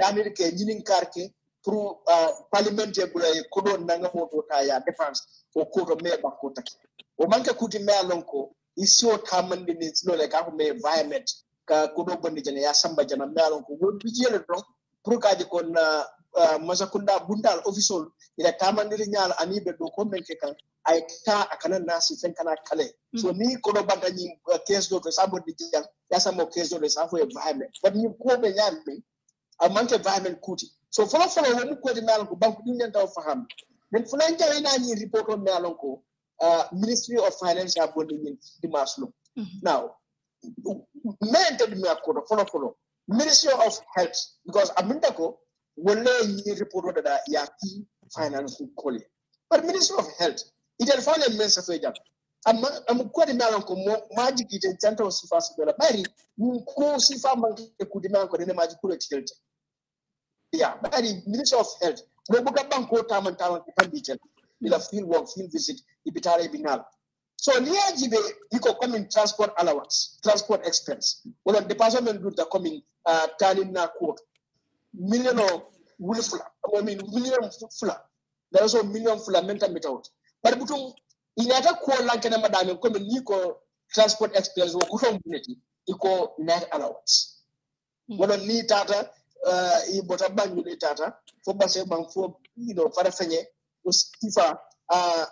damir ke nyinin karke pour euh, parliamente bulay ko don nanga moto ta ya defense o ko to me bakko taki o manka kuti me alon ko isio tamande ni lole ka ko me environment ka ko do bandi jana ya samba jana me alon ko won biji le don pour kaji ko na euh, euh, masakunda bundal official ila tamandiri nyaal ani be do ko men ke kan ay ta akana nasi fen kana kale mm. so ni ko do banda ni case do to sabo di jang ya samo case do le safo environment but ni ko be nyaal a manta bamen kuti so folo folo womu kuwede ko banque ɗum nen taw fahamde min fulan jawenani report on mi ko uh, ministry of finance mhm. a bonde min dimanche lum now men tadi mi akkuɗo folo folo ministry of health because aminta ko wolle yi report o ɗaɗa yaki finance kole but ministry of health itel fawle men safo jam amma amma kuwade mi ko mo maji kiten canta o sifa sodola ɓayri ko sifa manke kudimi an ko nene maji kuɗo celte Yeah, the Minister of Health. No buka banko taman taman kipan bijan. Ila field work, field visit, ibitare binal. So niya jibe, you can come in transport allowance, transport expense. Well, the department group that coming uh, Tallinn na Million of wulfula, I mean million fula. There is also million fula mental metaut. But butum, in inata kuwa lankana madame, kome niko transport expense, wakutom unity, iko net allowance. Hmm. Well, need tata, Eh, i bota banjul e tata fo base ban fo ɗiɗo fara feñe o sifa ah,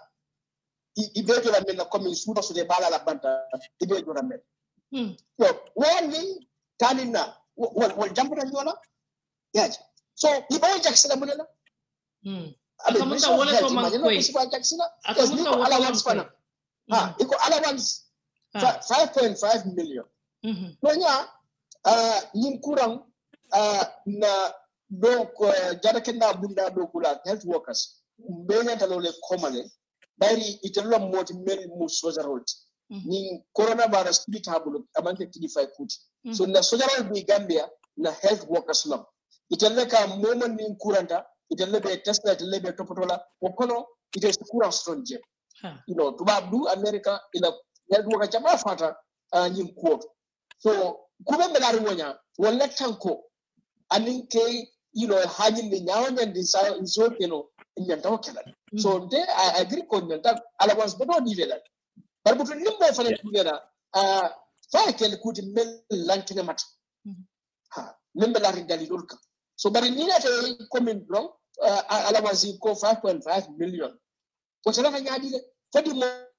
i be jora men na commin suuta de baala la banta i be jora men yo hmm. wonni tanin na wol jampata joola yaaji so i ɓawo jaksila mune la akamuta wala ko man koy akamuta wala ko man koy ha hmm. iko allowance 5.5 million no nya uh, yin kurang na donc jada kenda bunda do kula health workers be nyanta lole komale bari itelo moti meri mu soja road mm-hmm. ni corona virus bi tabulu amanke tudi fay kuti mm mm-hmm. so na soja road bi gambia na health workers lam itelle ka moment ni kuranta itelle be na itelle be topotola kokono ite kura son je you know tubabdu america ila health worker jama fata ah, ni kuoto so kubembelari wonya wala tanko anin te you know hajinde ñawñande sopino ñantaw kelal so I agree agri ko ñanta ala was boto nivelal par boto nimmo fana tumena fa kele kuti men lantine mata ha min be lati dalilol kam so bari ni nata commune blon uh, ala wasi ko 5.5 million o tanata ñaadile di mo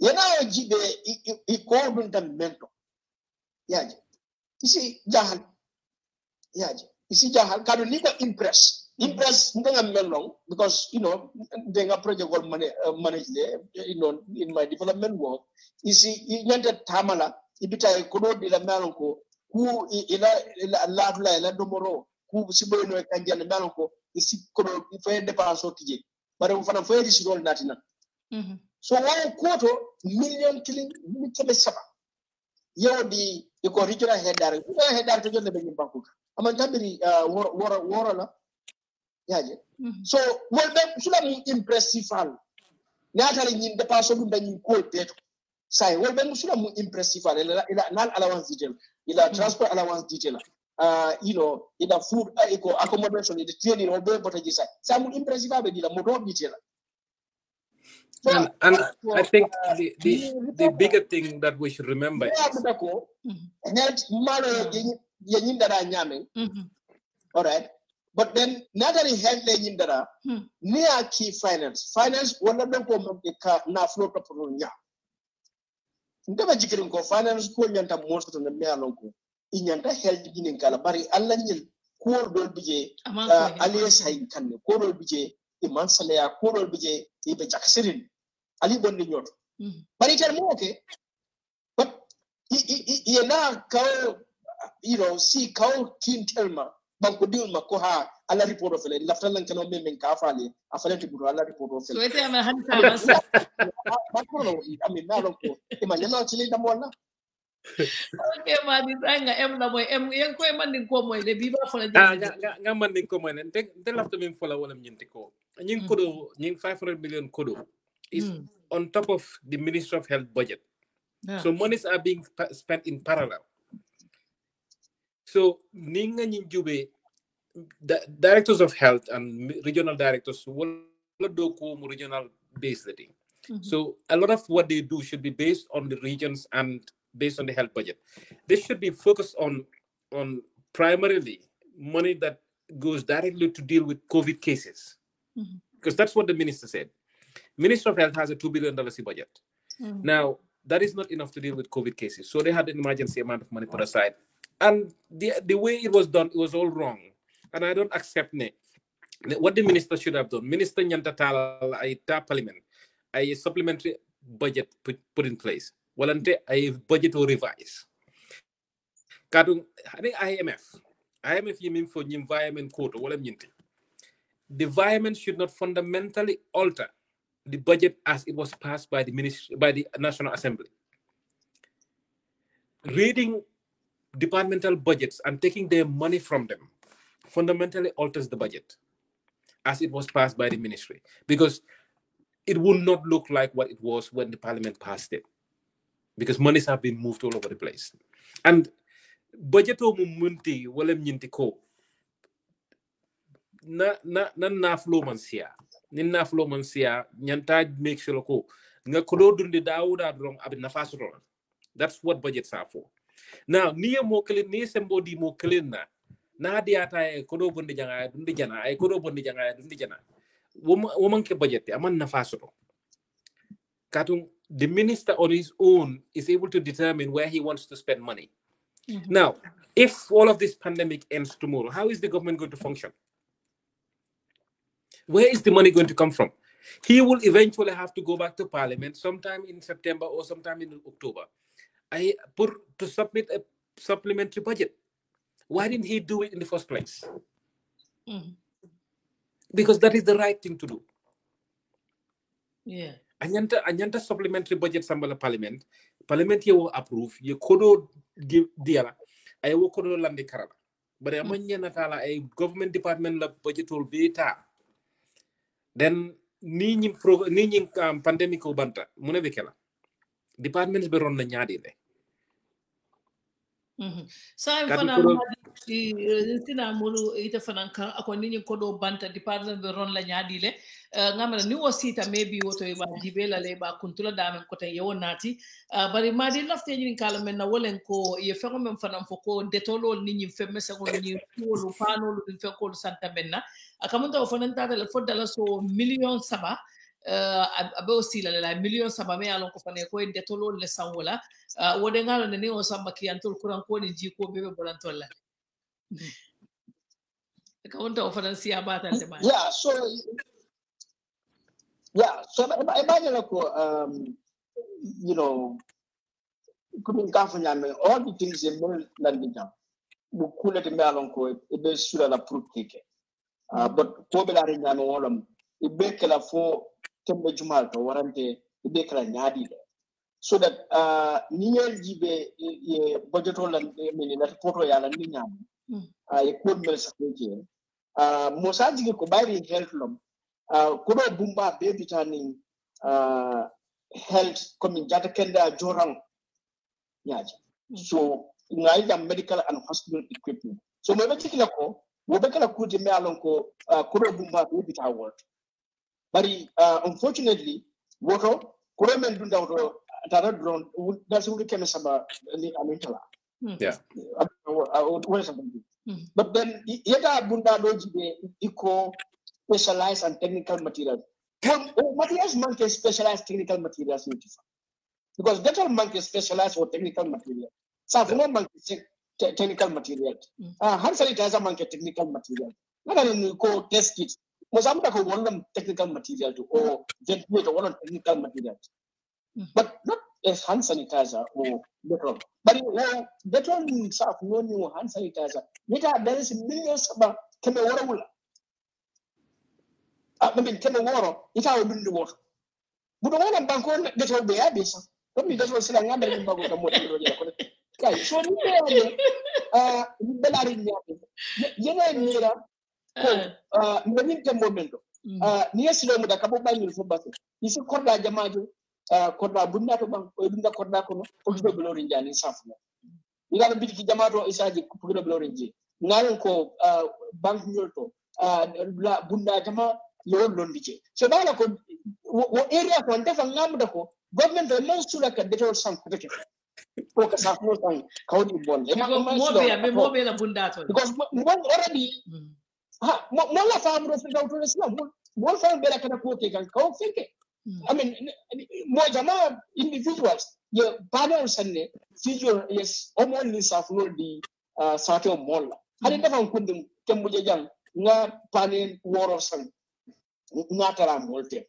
yana jibe ikobin da mento yaje isi jahal yaje isi jahal kadu ni ko impress impress nga melong because you know nga project wal uh, manage de you know in my development work isi nyanta tamala ibita ko do dila melon ko ku ila la la la domoro ku sibo no kanjal melon ko isi ko do fe dépense o tije bare fana fe risol natina mhm so one koto million killing, tilin kebe saba yewdi iko regional heddare regional heddare to jonde ɓe ñim banque ka aman tabiri woro uh, woro la yaje mm-hmm. so wolɓe sulam impressif al natara ñin dépense ɗum dañin kool beeto saye wolɓe mo sulam mu impressive. al ila nal allowance detail ila mm-hmm. transport allowance detail uh, you know ila food uh, iko accommodation ida training o ɓe botaji saye sa mu impressif aɓe ɗila mo ɗo detail and, and I think uh, the, the, the bigger thing that we should remember is mm-hmm. Mm-hmm. mm-hmm. all right. But then nadari handle nyim dara yindara, a key finance finance one of don ko mam ka na flow to pro nya ndaba jikirin ko finance ko nyanta mosto na me alon uh, ko inyanta hel ginin kala bari alla nyil ko do bije aliya kan kanne ko do bije iman ko do bije ibe jakasirin ali bonni ñoto bari mm. tan mo ke but na ka you know si ka kin telma kaw ko banko ma ko ha ala report ripoto la fa lan kano men men ka fa le a falen to buru ala report of fele so ite ma hanta masa ba ko no i ami na lo ko e ma nyalo chile da mola okay ma di tanga em la moy em yen koy man din ko moy le bi ba fole ah, de nga nga man din ko moy ne de lafto min fola wala nyin ko nyin kodo nyin 500 million kodo is mm. on top of the Ministry of Health budget. Yeah. So monies are being spent in parallel. So Ninga Ninjube, the directors of health and regional directors will regional based mm -hmm. So a lot of what they do should be based on the regions and based on the health budget. This should be focused on on primarily money that goes directly to deal with COVID cases. Mm -hmm. Because that's what the minister said. Minister of Health has a $2 billion budget. Mm. Now, that is not enough to deal with COVID cases. So they had an emergency amount of money put aside. And the, the way it was done, it was all wrong. And I don't accept it. What the minister should have done, Minister Nyantatal, I parliament, a supplementary budget put, put in place. Well Walante, a budget will revise. Kadung, IMF, IMF you mean for environment quota, the environment should not fundamentally alter the budget as it was passed by the ministry by the National Assembly. Reading departmental budgets and taking their money from them fundamentally alters the budget as it was passed by the ministry because it will not look like what it was when the parliament passed it because monies have been moved all over the place and budgeto mu munti wala ñinti ko na na na naflo man siya ninna fulo man siya nyanta make sure ko nga dundi dawuda abi that's what budgets are for now niye mo kelin ni sembo di mo kelin na na diata e kodo bondi janga dundi jana e kodo bondi janga dundi jana woman ke budget aman na ron Katung the minister on his own is able to determine where he wants to spend money mm -hmm. now if all of this pandemic ends tomorrow how is the government going to function where is the money going to come from? He will eventually have to go back to Parliament sometime in September or sometime in October. I put to submit a supplementary budget. Why didn't he do it in the first place? mm Because that is the right thing to do. Yeah. Anyanta anyanta supplementary budget sambala parliament. Parliament ye will approve You kodo give diara. I will kodo landi karala. But mm. amanya natala government department la budget will be then ninyi pro ninyi um, ah, pandemic banta mune bikela departments be ronna nyaadi de mm -hmm. so i'm fana Eh, sina mulu eh, ita fanan kan ako ni ko do banta di de ron la nyaadi le eh, ngamara ni wo sita maybe woto ba dibe la le ba kuntula da men yewo nati bari ma di kala men na wolen ko ye fengo men fanan fo ko detolo ni femme se ni wolu fano lu din fe ko santa benna o fanan tata le fodda so million saba abe o sila la million saba me alon ko fane ko detolo le sanwola wodenga lo ne o samba clientol kuran ko ni ji account of siya bata yeah so yeah so imagine um, you know coming kafanya me all the things in the landing jam bu kula de melon ko e be sura la prutike uh, ah, but la fo tembe jumal warante e be kala so that uh, ni yel jibe e budget wala mini na photo yala ni nyame ekodmel security mosaji ko ɓayri health lom ah, koɗo bumba be bitani ah, health komin jata kenda a joran ñaaji hmm. so ngai jam medical and hospital equipment so mo ɓe cikila ko wo ɓe kala kuude mi alon ko ah, koɗo bumba be bita worto bari unfortunately woto koɗo men dundawto tata drone darsi wuɗi keme saba ni amin Hmm. Yeah. Hmm. But then yada bunda loji be eco specialized and technical materials. Oh, materials Monkey specialized technical materials because dental man monkey specialized for technical material. So no monkey technical material. Hmm. Ah, hand sanitizer man technical material. Nada ni ko test kit. Mosamda ko one technical material to or ventilate one technical materials, But not is eh, hand sanitizer or oh, Dettol. But you know, Dettol itself, no new hand sanitizer. Later, there is millions about uh, Kemewara Wula. Ah, I mean, Kemewara, it will bring the water. But the one Banko Dettol be abyss. Don't be Dettol selling under the Banko Kamoto. Okay, so you know, uh, Bellari Yabi. Yena Mira, uh, Menin Kemobendo. Mm-hmm. Uh, near Slomo, the Kabobanil Fubato. You see, Korda Jamajo. Eh, korda bunda to ban o dunga korda eh, kono ogido belorin jani safno ngal bit ki jamato isaji pugido belorin ji ngal ko bank nyolto la bunda jama yoron don dije so bala ko wo area ko ndefa ngamda ko government o mon sura ka detol san ko teke ko ka safno san kawdi bonde mo be mo be la bunda to because mo already hmm. ha mo la famro fi dawto islam mo fa be la kada ko ke kan kaw fike I mean, more Mojama individuals, your banners uh, mm. and visual is almost of the uh, Sato mall. I didn't have Kundum Kembuja Yang, not Panin War of Sun, not around Molte.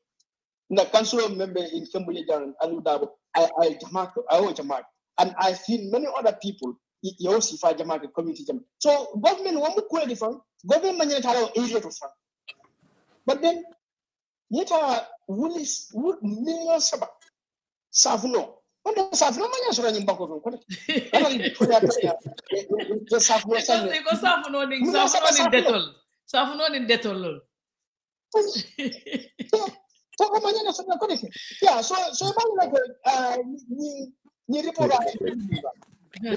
The council member in Kembuja Yang, Aludabo, I Jamak, I owe Jamak. And I've seen many other people, Yosifa Jamak, community Jamak. So government won't qualify, government area to fund. But then nyita wuli miliyɔn saba safunɔ o de safunɔ ma ɲɛ sɔrɔ nin bakɔ fɛ kɔni ala de tura ta ya tɛ safunɔ sanfɛ. i ko safunɔ ni safunɔ ni detol safunɔ ni detol lol. tɔgɔ ma ɲɛ na sɔrɔ kɔni fɛ ya so so i b'a ɲɛna ko ni ni report a ye ni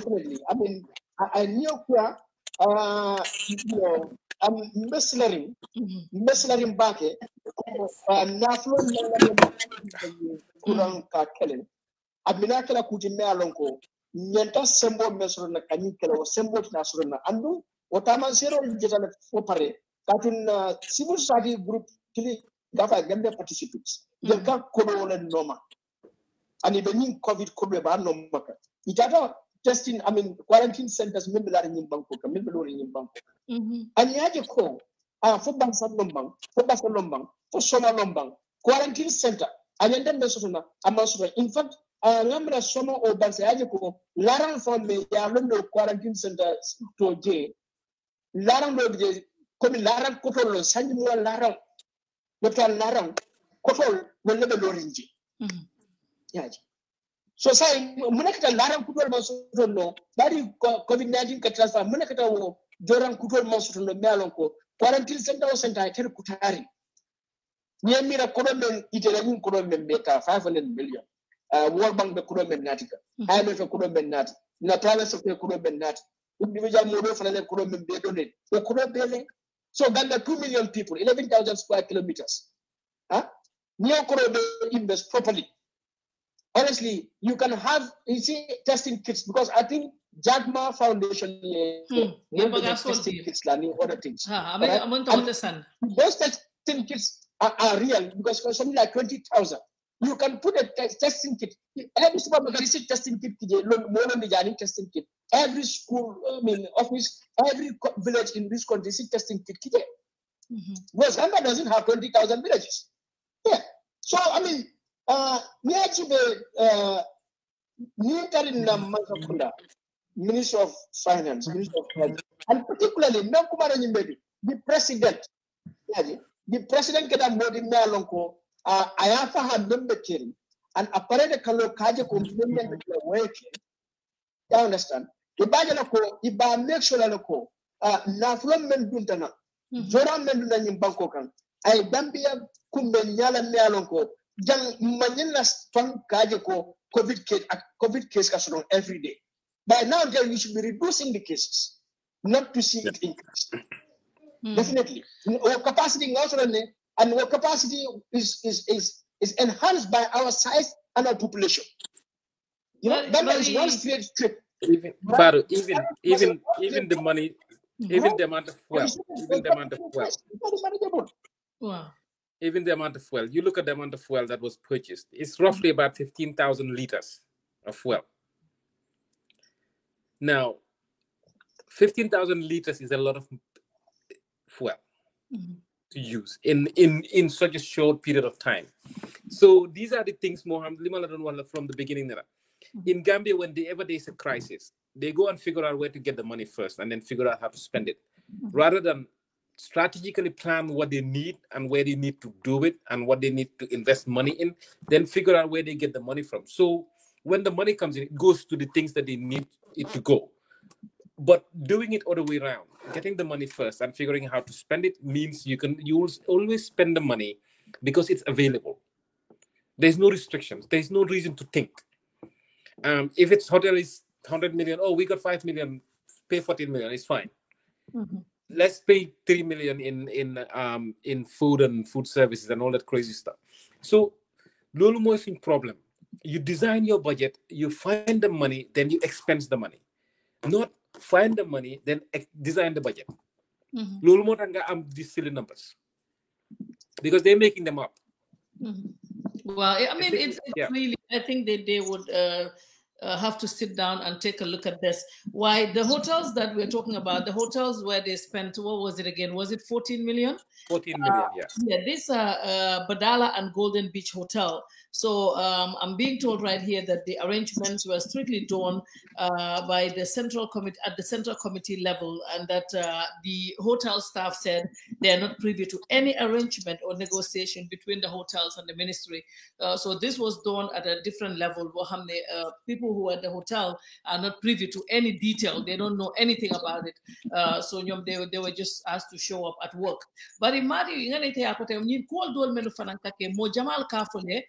ye kuya n bɛ silarin n bɛ silarin ba kɛ. naslo kuran ka kelen a kela kuti me alon ko nyanta sembo me soro na kanyi kela o sembo tina soro andu o taman sero jeta fo pare katun na civil society group kili gafa gambe participants yel ka kodo wala noma ani be nyin covid kodo e ba noma ka itata testing i quarantine centers min bilari nyin banko ka min bilori nyin banko mm-hmm. an yaje ko ah fo bansallum ban fo basallum ban fo somalum ban quarantine center añan den ɓe a ma sota in fact a ah, ngamra soma o bansa yaji ko laran fan me ya londo quarantine center to je laran bi je komi laran kotol lo sanji muwa laran ɗotal laran kotol ne bɛ lorin je yaji so sai muna kata laran kutol ma soton ɗo bari covid 19 ka transfer muna kata wo joran kutol man soton mɛ a alon ko quarantine center or center ay tere kutari ñemira koɗo a itele ɗum koɗo men mbiyata five hundred million uh, world bank ɓe koɗo I naati ka hmm. imf e koɗo men naati natale sofe koɗo men naati individual moɗo fanane koɗo men mbiye ɗo nen o koɗo bele so ganda two million people eleven thousand square kilometers ha ñeo koɗo ɓe invest properly honestly you can have you see testing kits because i think Jagma Foundation hmm. yeah, but that's all kids learning other things. Haan, right? I'm to understand. Those testing kits are, are real because for something like 20,000, you can put a testing kit. Every supermarket is a testing kit. Eh, testing kit. Every school, I mean, office, every village in this country is a testing kit. Eh. Mm-hmm. West Hamburg doesn't have 20,000 villages. Yeah. So, I mean, uh, we actually, uh, New Karin Mazakunda, Minister of Finance, mm-hmm. Minister of Finance, and particularly Nankumara Nyimbebi, the President, the President kada modi mea lonko, uh, ayafa ha membe and apparently, kalo kaje kumpunyende kila weke, you understand? Ibaja lako, iba make sure lako, uh, na fulon mm-hmm. men dundana, zora men dundana nyimbanko kan, ay Gambia kumbe nyala mea lonko, jang manyela strong kaje ko COVID case, COVID case kasulon every day. By now, you should be reducing the cases, not to see it increase. Mm. Definitely. Our capacity naturally, and our capacity is, is, is, is enhanced by our size and our population. You know, that is one straight trip. Even, Faru, even, even, even the money, even the amount of wealth, even the amount of wealth. Wow even the amount of fuel, you look at the amount of well that was purchased, it's roughly about 15,000 liters of well. Now, 15,000 liters is a lot of fuel mm-hmm. to use in, in, in such a short period of time. So these are the things Mohammed from the beginning. Mm-hmm. In Gambia, whenever there's a crisis, they go and figure out where to get the money first and then figure out how to spend it mm-hmm. rather than strategically plan what they need and where they need to do it and what they need to invest money in, then figure out where they get the money from. So when the money comes in, it goes to the things that they need it to go. But doing it all the way around, getting the money first and figuring how to spend it means you can you will always spend the money because it's available. There's no restrictions. There's no reason to think. Um, if it's hotel is 100 million, oh, we got 5 million, pay 14 million, it's fine. Mm-hmm. Let's pay 3 million in in um, in food and food services and all that crazy stuff. So, lolo mooy suñ problem you design your budget, you find the money, then you expense the money. Not find the money, then design the budget. Mm-hmm. loolu moo tax am these silly numbers because they're making them up. Mm -hmm. Well, I mean, it's, it's yeah. really. I think that they would. Uh, uh, have to sit down and take a look at this. Why the hotels that we're talking about, the hotels where they spent, what was it again? Was it 14 million? 14 uh, million, uh, yeah. Yeah, these are uh, Badala and Golden Beach Hotel. So um, I'm being told right here that the arrangements were strictly done uh, by the central committee at the central committee level, and that uh, the hotel staff said they are not privy to any arrangement or negotiation between the hotels and the ministry. so this was done at a different level. People people who at the hotel are not privy to any detail. They don't know anything about it. Uh, so you they, they were just asked to show up at work. But imagine ngane te akote ni call dol call fananka ke mo jamal kafole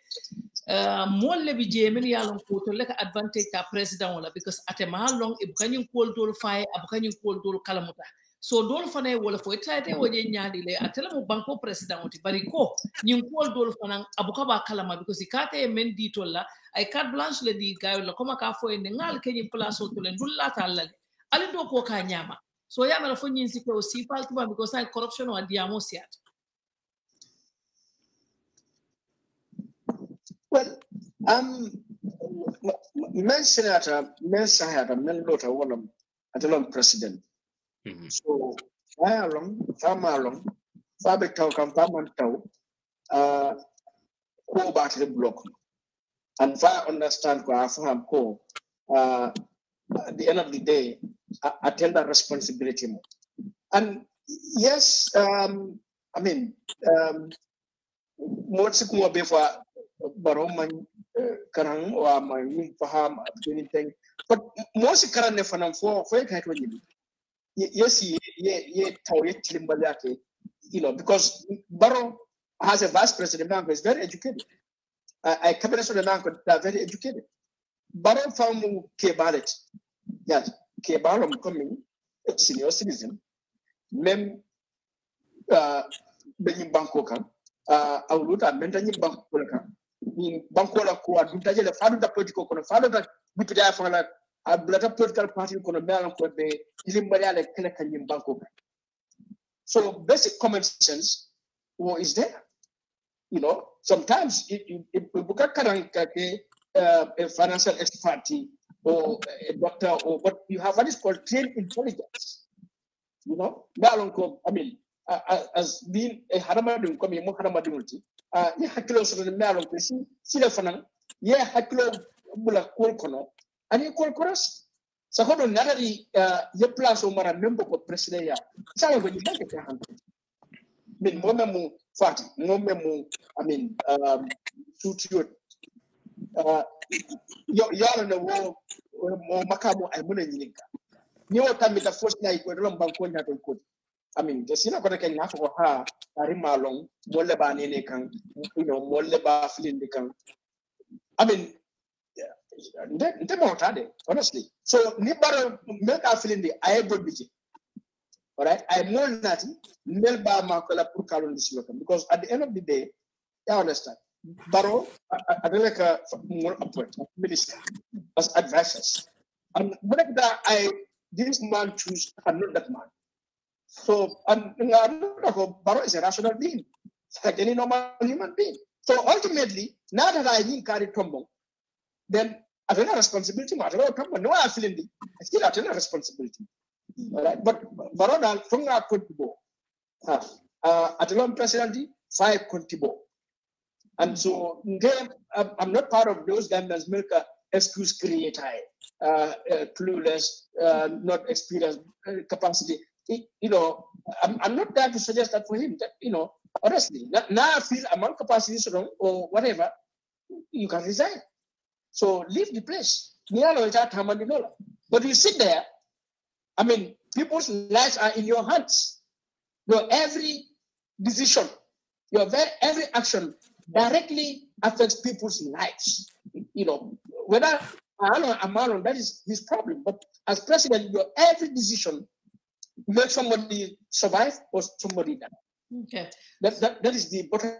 mo lebi jemen ya lon ko to leka advantage to president wala because at atema long if you call dol if you call dol kalamuta so dol fana wala fo itaete woje nyaadi le atela mo banko president oti bari ko nyin ko dol fana abuka ba kalama because ikate men di tolla ay carte blanche le di gayo la koma ka fo en ngal kenyi place to le dulla talla ali do ko ka nyama so ya mala fo nyin sikko o sifal tuba because ay corruption wa diamo siat well um men senator men senator men lota wala atelon president Mm-hmm. So Thaialong, Thamalong, Sabe Tau Kam Thaman Tau, uh, ko ba ta block. And I understand ko afaham ko uh, at the end of the day, attend that responsibility more. And yes, um, I mean, um, motsi kuma be baroman, eh, karang man karan wa paham, yin anything but motsi karan ne fanan fo fo kai to yin yes, ye, ye, ye, Tauriet you know, because Barrow has a vice president now is very educated. Uh, a cabinet of Nanko are very educated. Barrow found K Barrett, yes, K Barrow coming, senior citizen, mem uh, Benin Banko kan, uh, Auluta, Mentanyi Banko kan, Banko la Kua, Dutaja, the father of the political, the father of the Gutuja, abulaga political party kono mbe alan koɓe limbaliale kene kañum banko so basic common sense what is there you know sometimes buka karanka ke a financial expert or a doctor or but you have what is called trained intelligence you know mbe alan ko i mean uh, as being a haramadum komi mo haramadumulti ni hakkilo soto mbe alan ko si sila fanan ye hakkilo bula kol kono ani kol eh, ya. sa kono nada di ye plaso mara membo ko president ya sala woni banke ka han min mo memu fati mo memu amin um tutio uh, eh, yo yo na wo mo makamo ay muna nyininka ni o ta fosi na ko ron banko nya to ko amin de sina ko ken nafa ko ha ari malong molle ba ne ne kan you know molle ba filin de kan amin have them, honestly. So nibaro make a feeling the I go All right, I know nothing. Melba makola pour kalon disloka because at the end of the day, I understand. Baro, I don't like a more appoint minister as advisors. And but that I this man choose and not that man. So and Baro is a rational being, like any normal human being. So ultimately, now that I didn't carry Tombo, then a responsibility mo atona kamba no I still a responsibility right but barona tunga kontibo ha uh, atona presidency five kontibo and so i'm not part of those gambians Make excuse creator uh, uh, clueless uh, not experienced uh, capacity you know I'm, I'm not there to suggest that for him that you know honestly now i feel among capacities wrong or whatever you can resign so leave the place. But you sit there, I mean, people's lives are in your hands. Your every decision, your very, every action directly affects people's lives. You know, whether Amaron, that is his problem. But as president, your every decision makes somebody survive or somebody die. Okay. That, that, that is the bottom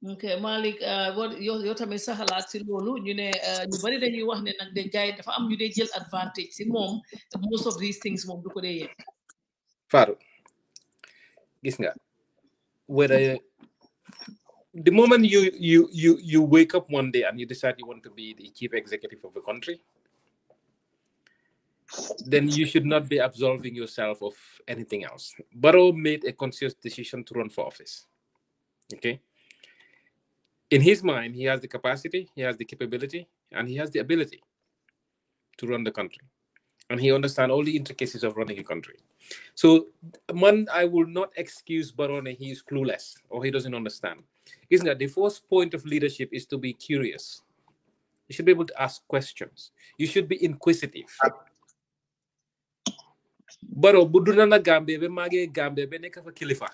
ok Malick uh, yow yow tamit sa xalaat si loolu you know, uh, ñu bari dañuy wax ne nag de am ñu dee advantage si mom, most of these things mom do ko dee yegg. Fatou gis nga the moment you you you you wake up one day and you decide you want to be the chief executive of the country then you should not be absolving yourself of anything else. Barrow made a conscious decision to run for office. Okay in his mind, he has the capacity, he has the capability, and he has the ability to run the country. And he understands all the intricacies of running a country. So, man, I will not excuse Barone, he is clueless or he doesn't understand. Isn't that the first point of leadership is to be curious? You should be able to ask questions, you should be inquisitive. Baro, buduna na gambe, be mage gambe, be nekafakilifa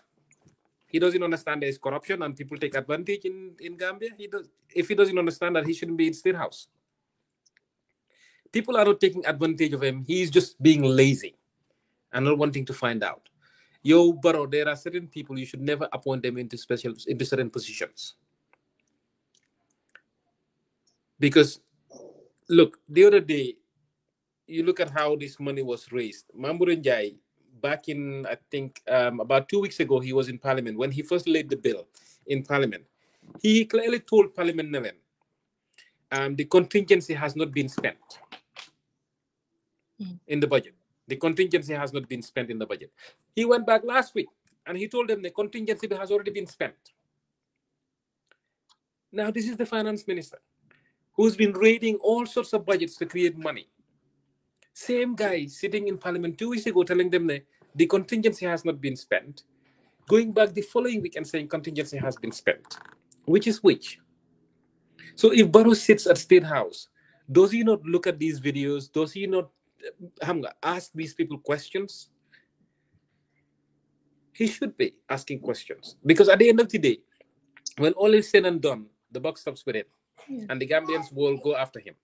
he doesn't understand there is corruption and people take advantage in, in Gambia. He does, if he doesn't understand that, he shouldn't be in State House. People are not taking advantage of him. He's just being lazy and not wanting to find out. Yo, Baro, there are certain people you should never appoint them into special into certain positions. Because look, the other day, you look at how this money was raised. Mamburenjai back in, I think, um, about two weeks ago, he was in Parliament when he first laid the bill in Parliament. He clearly told Parliament Nelen, um, the contingency has not been spent hmm. in the budget. The contingency has not been spent in the budget. He went back last week and he told them the contingency has already been spent. Now, this is the finance minister who's been raiding all sorts of budgets to create money. Same guy sitting in parliament two weeks ago telling them that the contingency has not been spent. Going back the following week and saying contingency has been spent, which is which? So if Barrow sits at State House, does he not look at these videos? Does he not eh, ask these people questions? He should be asking questions because at the end of the day, when all is said and done, the buck stops with him, yeah. and the Gambians will go after him.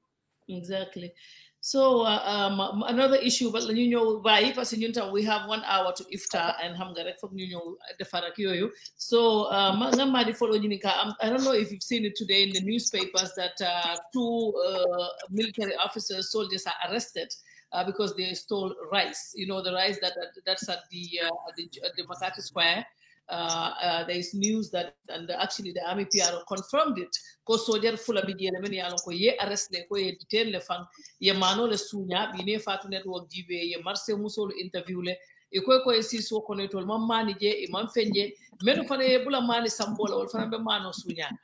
Exactly. So uh, um, another issue but you know, by bàyyi parce we have one hour to iftar and hamgarek from rek foog the ñëw so um, nga follow um, I don't know if you've seen it today in the newspapers that uh, two uh, military officers soldiers are arrested uh, because they stole rice you know the rice that, that's at the uh, the, the Makati Square uh, uh, there's news that and actually the army PR confirmed it ko soldier fula bi jele men yalon ko ye arrest le ko ye detain le fan ye mano le sunya bi ne fatu network jibe ye marse musolo interview le e koy koye siiso kono tol man mani je e man fenje menu fana e bula mani sambola wol fana ɓe mano suñana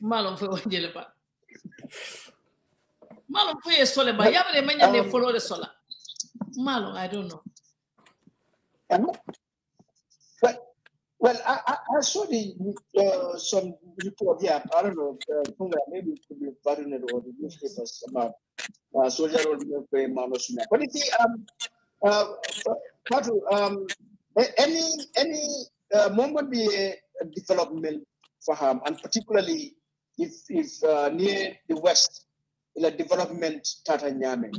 malon foye wonjele ba malon ye sole ba yaɓre mañande um, folore sola malon i don't know um, well, I, I, I saw the, uh, some report. Yeah, I don't know. Uh, maybe it could be or the newspapers about uh, soldier old military But you see, um, uh, Patu, um, any any uh, moment the development for him, and particularly if if uh, near the west, the development Tata Nyame,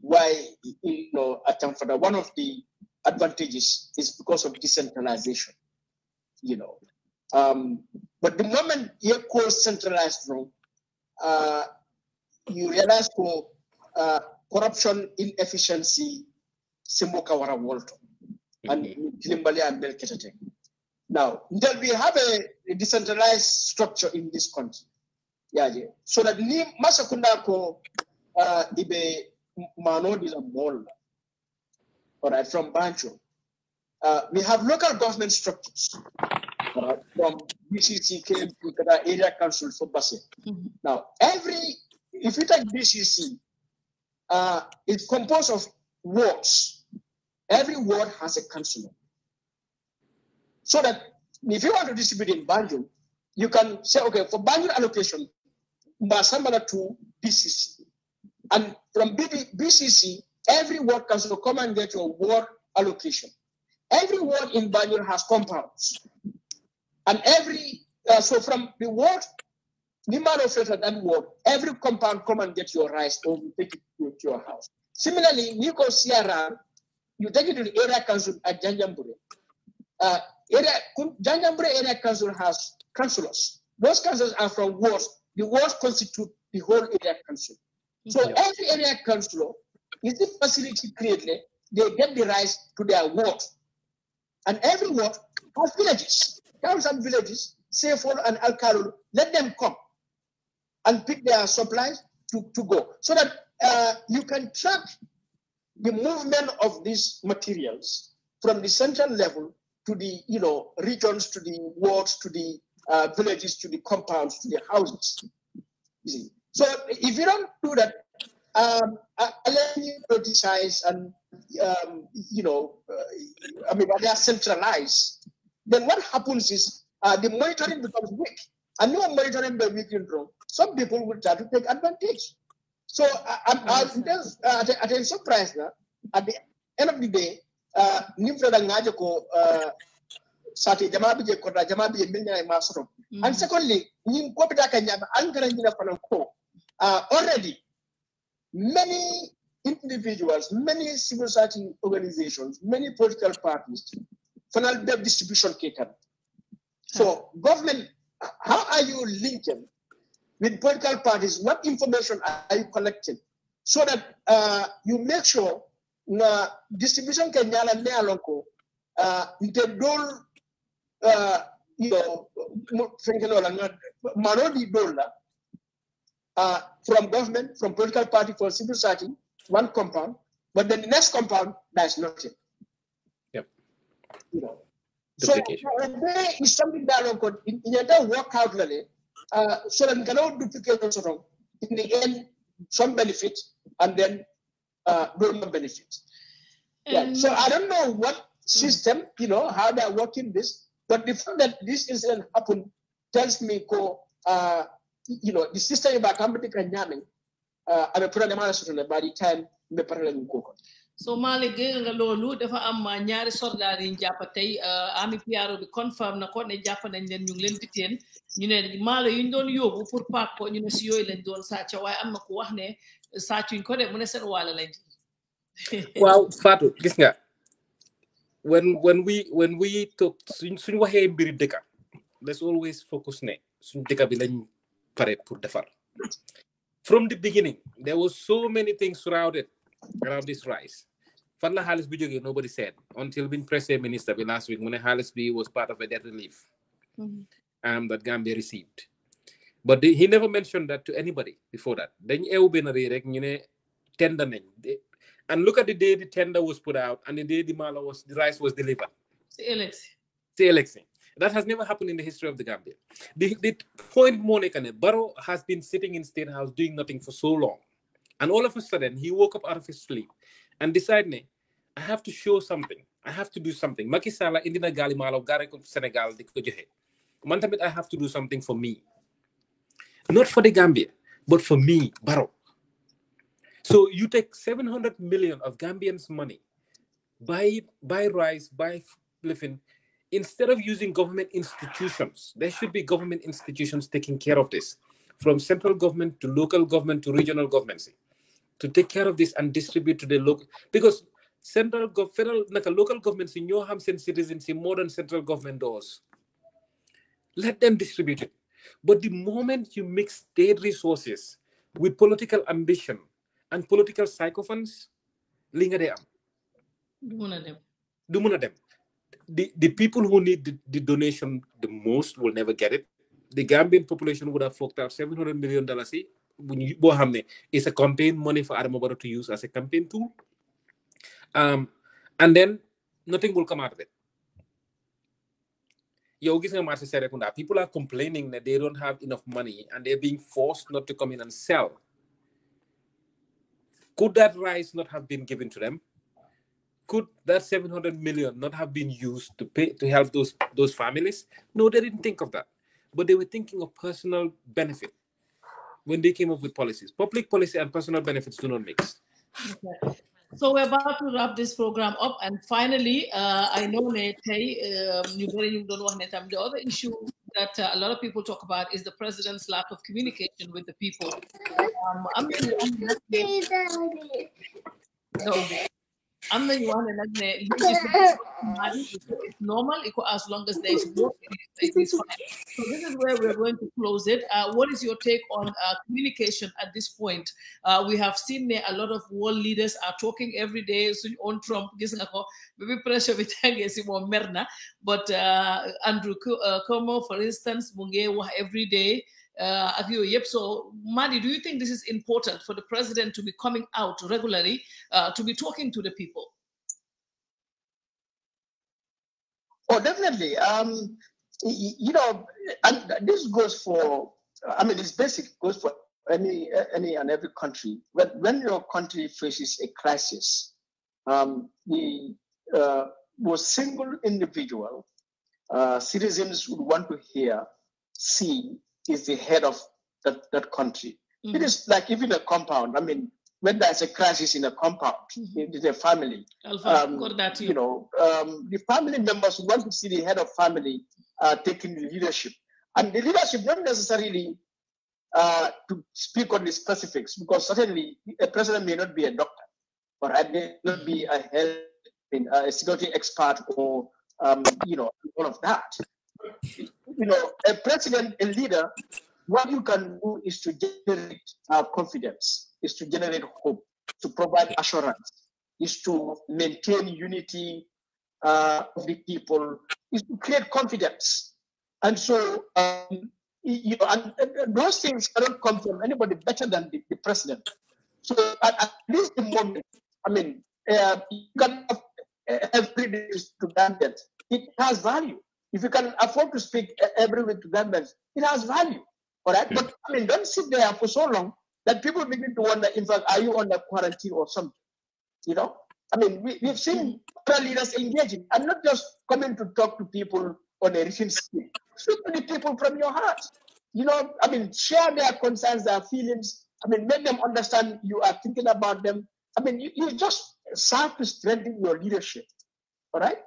why you know Atamfada, one of the advantages is because of decentralization you know. Um, but the moment you call centralized rule, uh, you realize for uh, corruption, inefficiency, Simboka Wara and and Now, until we have a, decentralized structure in this country. Yeah, yeah. So that ni masakunda ko uh, ibe mano di la All right, from Bancho. Uh, we have local government structures uh, from BCC came to the area council for Basse. Mm-hmm. Now, every, if you take BCC, uh, it's composed of wards. Every ward has a councillor. So that if you want to distribute in Banjul, you can say, okay, for Banjul allocation, Mbasambala to BCC. And from BCC, every ward council come and get your ward allocation. Every word in Bible has compounds. And every, uh, so from the word, numero filter that word, every compound come and get your rice or you take it to your house. Similarly, Nico Sierra, you take it to the area council at Janjambure. Uh, area, Janjambure area council has councillors. Those councillors are from wards. The wards constitute the whole area council. So yeah. every area councillor is the facility created, they get the rights to their wards and everyone has villages, towns and villages, Seyfo and Al Karul, let them come and pick their supplies to, to go so that uh, you can track the movement of these materials from the central level to the you know regions to the wards to the uh, villages to the compounds to the houses you see so if you don't do that um, let you politicize and um, you know, uh, I mean, they are centralized. Then what happens is uh, the monitoring becomes weak, and no monitoring by weak syndrome. Some people will try to take advantage. So I, I, I, am surprised that At the end of the day, uh, nimfre da ngaje ko uh, sati jama je kota jamabi milna ma masro. And mm. secondly, nim ko bita kanya angara ni ko uh, already many individuals, many civil society organizations, many political parties, final debt distribution kicker. So government, how are you linking with political parties? What information are you collecting so that uh, you make sure na distribution can nyala ne alonko nte uh, dol uh, you know, thinking on manodi la uh, from government, from political party, for civil society, one compound, but then the next compound, that's nothing. Yep. You know. So there is something dialogue in, in entire work out really, uh, so that we cannot duplicate also wrong. In the end, some benefit and then uh, no benefit. Um, yeah. So I don't know what system, mm. you know, how they're working this, but the fact that this incident happened tells me, co, uh, you know, the system ba kambi tika nyamin, uh, ame pura ne mana sutune by the time me parale nguko. So Malik eh, nga lolu dafa am uh, ñaari soldat yi jàpp tey uh, ami piaro bi confirm na ko ne jàpp nañ leen ñu ngi leen biteen ñu ne maalo yuñ doon yóbbu pour paak ko ñu ne si yooyu lañ doon sàcca waaye am na ku wax ne uh, sàccuñ ko de mu ne seen waala lañ waaw Fatou gis nga when when we suñ suñ waxee mbiri dëkka let's always focus ne suñ dëkka bi lañ pare pour defar from the beginning there was so many things surrounded around this rice. fan la xaalis bi nobody said until biñ pressé minister bi last week mu ne xaalis bi was part of a debt relief mm-hmm. um, that Gambia received but he never mentioned that to anybody before that dañ eew benn rëy rek ñu ne tender nañ and look at the day the tender was put out and the day the mala was the rice was delivered. The election. The election. That has never happened in the history of the Gambia. The, they point Monekane, Barrow has been sitting in State House doing nothing for so long. And all of a sudden, he woke up out of his sleep and decided, I have to show something. I have to do something. Macky Sall indi na gaali maalaw Sénégal di ko I have to do something for me. Not for the Gambia, but for me, Barrow. So you take 700 million of Gambians' money, buy buy rice, buy living, instead of using government institutions, there should be government institutions taking care of this, from central government to local government to regional governments, to take care of this and distribute to the local. Because central go federal local governments in your xam and citizens in more than central government does let them distribute it but the moment you mix state resources with political ambition and political psychophants, linger nga dee am du them the, the people who need the, the donation the most will never get it. The Gambian population would have forked out seven hundred million dollars. It's a campaign money for Adam to use as a campaign tool. Um, and then nothing will come out of it. people are complaining that they don't have enough money and they're being forced not to come in and sell could that rice not have been given to them could that 700 million not have been used to pay to help those those families no they didn't think of that but they were thinking of personal benefit when they came up with policies public policy and personal benefits do not mix okay. So we're about to wrap this program up, and finally, uh, I know um, the other issue that uh, a lot of people talk about is the president's lack of communication with the people. Um, I'm, I'm, I'm, no. أما you want another, you just it's normal as long as there's work. So this is where we're going to close it. Uh, what is your take on uh, communication at this point? Uh, we have seen there a lot of world leaders are talking every day. So on Trump, maybe pressure with Merna, but uh, Andrew uh, Cuomo, for instance, every day uh, Yep. So, Madi, do you think this is important for the president to be coming out regularly uh, to be talking to the people? Oh, definitely. Um, you know, and this goes for, I mean, it's basic, goes for any, any and every country. When, when your country faces a crisis, um, the uh, was single individual, uh, citizens would want to hear, see, is the head of that, that country. Mm-hmm. It is like even a compound. I mean, when there's a crisis in a compound, mm-hmm. in the family, Alpha, um, you. you. know, um, the family members want to see the head of family uh, taking the leadership. And the leadership, not necessarily uh, to speak on the specifics, because certainly a president may not be a doctor, or I may not be mm-hmm. a health, a security expert, or um, you know, all of that you know, a president, a leader, what you can do is to generate uh, confidence, is to generate hope, to provide assurance, is to maintain unity uh, of the people, is to create confidence. And so, um, you know, and, and those things cannot come from anybody better than the, the president. So at, at least the moment, I mean, uh, you can have, every uh, day to grant that it has value if you can afford to speak every week to members, it has value. All right. Yeah. But I mean, don't sit there for so long that people begin to wonder, in fact, are you under quarantine or something? You know? I mean, we, we've seen other leaders engaging and not just coming to talk to people on a recent scale. Speak to the people from your heart. You know, I mean, share their concerns, their feelings. I mean, make them understand you are thinking about them. I mean, you, you just start to strengthen your leadership. All right?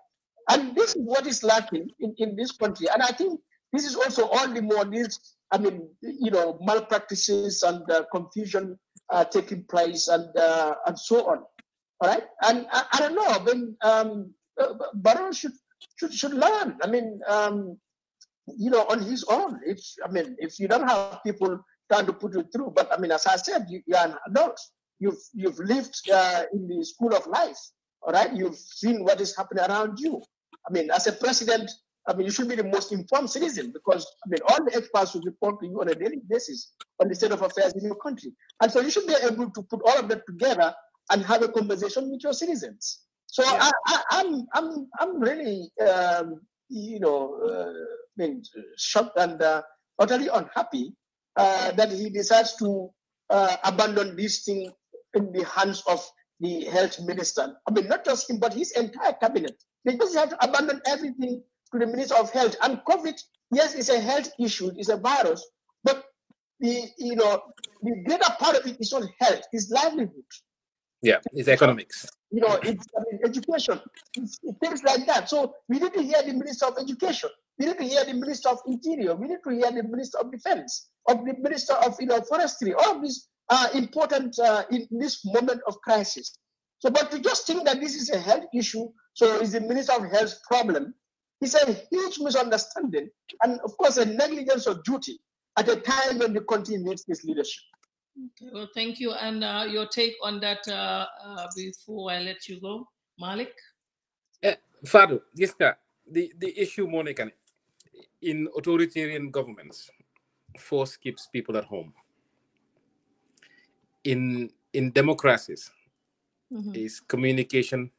And this is what is lacking in, in this country. And I think this is also all the more needs, I mean, you know, malpractices and uh, confusion uh, taking place and uh, and so on. All right. And I, I don't know. I mean, um, Barrow should, should should learn. I mean, um, you know, on his own. If I mean, if you don't have people trying to put you through, but I mean, as I said, you, you are an adult. You've you've lived uh, in the school of life all right? You've seen what is happening around you. I mean, as a president, I mean, you should be the most informed citizen because, I mean, all the experts should report to you on a daily basis on the state of affairs in your country. And so you should be able to put all of that together and have a conversation with your citizens. So yeah. I, am I'm, I'm, I'm really, um, you know, uh, I mean, shocked and uh, utterly unhappy uh, that he decides to uh, abandon this thing in the hands of the health minister. I mean, not just him, but his entire cabinet. Because you have to abandon everything to the Minister of Health. And COVID, yes, it's a health issue, it's a virus, but the you know the greater part of it is not health, it's livelihood. Yeah, it's economics. You know, it's I mean, education, it's things like that. So we need to hear the Minister of Education. We need to hear the Minister of Interior. We need to hear the Minister of Defense, of the Minister of you know, Forestry. All of these are important uh, in this moment of crisis. So, but to just think that this is a health issue, so it's the Minister of Health's problem, is a huge misunderstanding and, of course, a negligence of duty at a time when the country needs this leadership. Okay, well, thank you. And uh, your take on that uh, uh, before I let you go, Malik? Uh, eh, Fadu, yes, sir. The, the issue, Monica, in authoritarian governments, force keeps people at home. In, in democracies, mm-hmm. is communication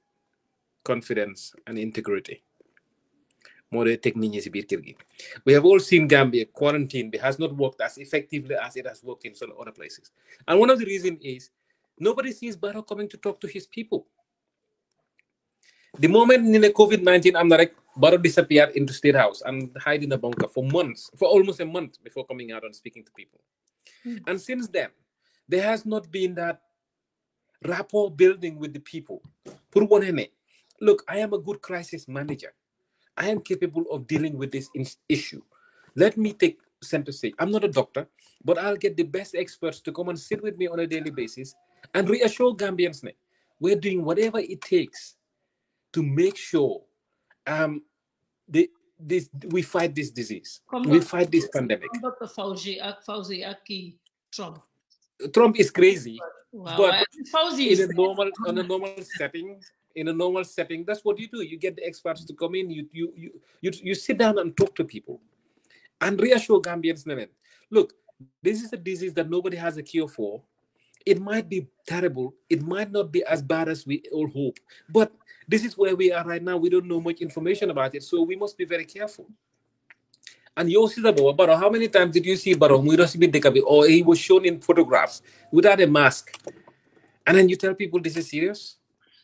confidence and integrity we have all seen Gambia quarantine It has not worked as effectively as it has worked in some other places and one of the reasons is nobody sees Barrow coming to talk to his people the moment in the covid-19 i am like Barrow disappeared into state house and hide in a bunker for months for almost a month before coming out and speaking to people mm. and since then there has not been that rapport building with the people one in it. look i am a good crisis manager i am capable of dealing with this issue let me take center stage i'm not a doctor but i'll get the best experts to come and sit with me on a daily basis and reassure gambians ne we're doing whatever it takes to make sure um, the, this, we fight this disease. Come we fight this pandemic. Dr. Fauci, Fauci, Trump. Trump is crazy. Well, but I suppose in a normal in a normal setting, in a normal setting, that's what you do. You get the experts to come in. You you you you, you sit down and talk to people, and reassure Gambians. Look, this is a disease that nobody has a cure for. It might be terrible. It might not be as bad as we all hope. But this is where we are right now. We don't know much information about it, so we must be very careful. And you see the Barrow, how many times did you see Barrow the Dekabi? Or he was shown in photographs without a mask. And then you tell people this is serious?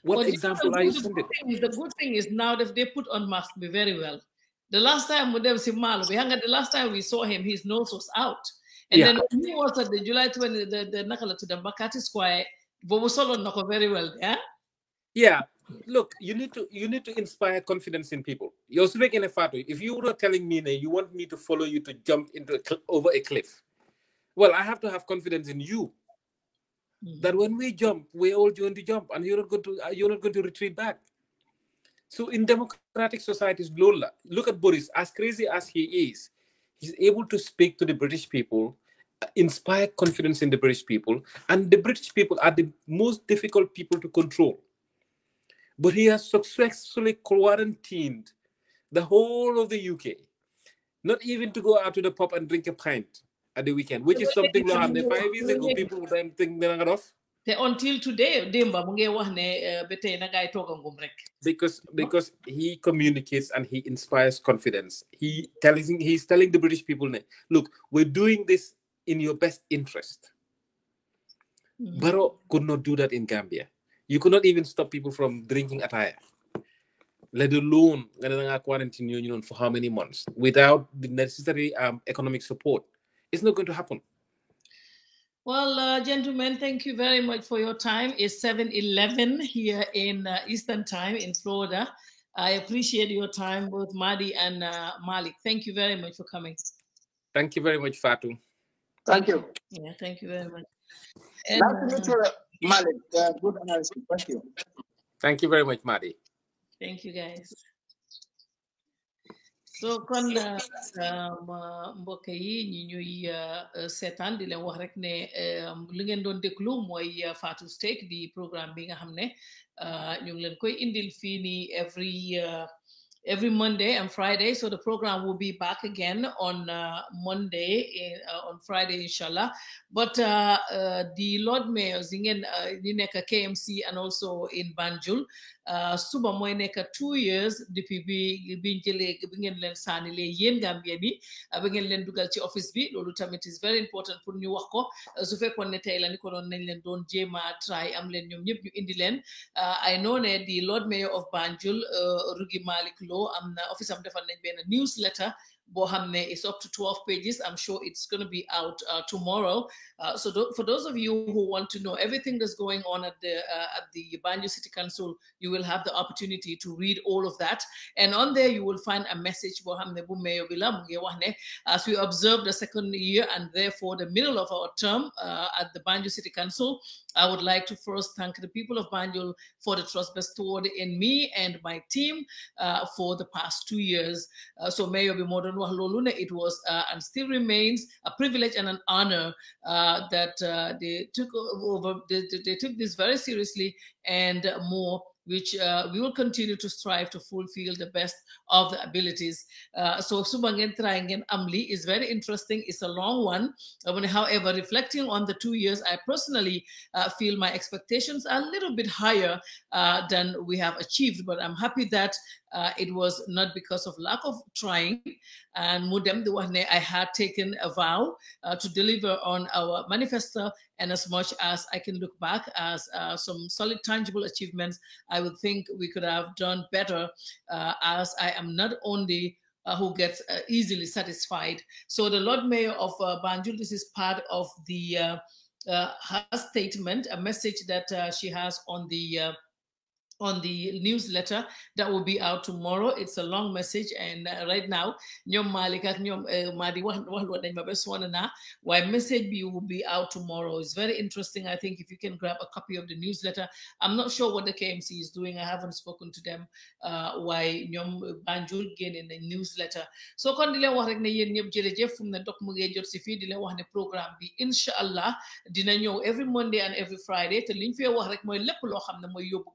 What but example are you sending? The good thing is now that they put on mask very well. The last time with them, Simalo, we hung at the last time we saw him, his nose was out. And yeah. then when he was at the July 20, the, the Nakala to the Makati Square, on Nako very well Yeah? yeah, look, you need to you need to inspire confidence in people. You're speaking a Enefatu, if you were telling me that you want me to follow you to jump into a over a cliff, well, I have to have confidence in you. Hmm. That when we jump, we're all going to jump, and you're not going to uh, you're not going to retreat back. So in democratic societies, Lola, look at Boris. As crazy as he is, he's able to speak to the British people inspire confidence in the British people, and the British people are the most difficult people to control. But he has successfully quarantined the whole of the UK, not even to go out to the pub and drink a pint at the weekend, which is something that happened five years ago. People would then think they're not off. Until today, Demba eh, because because he communicates and he inspires confidence. He telling he's telling the British people, look, we're doing this in your best interest. Mm-hmm. Barrow could not do that in Gambia you could not even stop people from drinking attire let alone quarantine union for how many months without the necessary um, economic support it's not going to happen well, uh, gentlemen, thank you very much for your time. It's 7 11 here in uh, Eastern Time in Florida. I appreciate your time, both Madi and uh, Malik. Thank you very much for coming. Thank you very much, Fatu. Thank you. Yeah, thank you very much. And, nice to meet you. Uh, Malik, uh, good analysis. Thank you. Thank you very much, Mari. Thank you, guys. so kon uh, um, uh, mbokk yi ñi ñuy uh, seetaan di leen wax rek ne um, li ngeen doon déglu mooy Fatou Steak di programme bi nga xam ne ñu ngi leen koy indil fii nii every every Monday and Friday. So the program will be back again on uh, Monday, in, uh, on Friday, inshallah. But uh, uh the Lord Mayor, Zingen, uh, Nineka KMC, and also in Banjul, Ah, suba mooy nekk two years depuis bi biñ jëlee bi ngeen leen saanilee yéen Gambien yi bi ah, ngeen leen dugal ci office bi loolu tamit is very important pour ñu wax ko ah, su fekkoon ne tey la ni ko don nañ leen doon jéema try am leen ñoom ñëpp ñu indi leen I know ne the Lord Mayor of Banjul Rugi Malick Lo am office am defal nañ benn newsletter Bohamne. It's up to 12 pages. I'm sure it's going to be out uh, tomorrow. Uh, so th- for those of you who want to know everything that's going on at the uh, at the Banjo City Council, you will have the opportunity to read all of that. And on there, you will find a message Bohamne Bumeyo Bilamungewahne as we observe the second year and therefore the middle of our term uh, at the Banjo City Council. I would like to first thank the people of Banjul for the trust bestowed in me and my team uh, for the past two years. Uh, so may you be Lolune, it was uh, and still remains a privilege and an honor uh, that uh, they took over, they, they, took this very seriously and more which uh, we will continue to strive to fulfill the best of the abilities. Uh, so Subangen Traingen Amli is very interesting. It's a long one. Uh, however, reflecting on the two years, I personally uh, feel my expectations are a little bit higher uh, than we have achieved, but I'm happy that it was not because of lack of trying. And Mudem Diwahne, I had taken a vow to deliver on our manifesto and as much as I can look back as uh, some solid, tangible achievements, I would think we could have done better uh, as I am not only uh, who gets uh, easily satisfied. So the Lord Mayor of uh, Banjul, this is part of the uh, uh, her statement, a message that uh, she has on the on the newsletter that will be out tomorrow. It's a long message, and uh, right now, ñoom Malick ak ñoom uh, Madi wax wax loolu dañ message bi will be out tomorrow. It's very interesting. I think if you can grab a copy of the newsletter, I'm not sure what the KMC is doing. I haven't spoken to them. Uh, why nyom Banjul gain in the newsletter So kon dile leen wax rek ne yéen ñëpp jërëjëf fu ne dog mu ngi jot si fii di wax ne programme bi incha dina ñëw every Monday and every Friday te liñ fi wax rek mooy lépp loo xam ne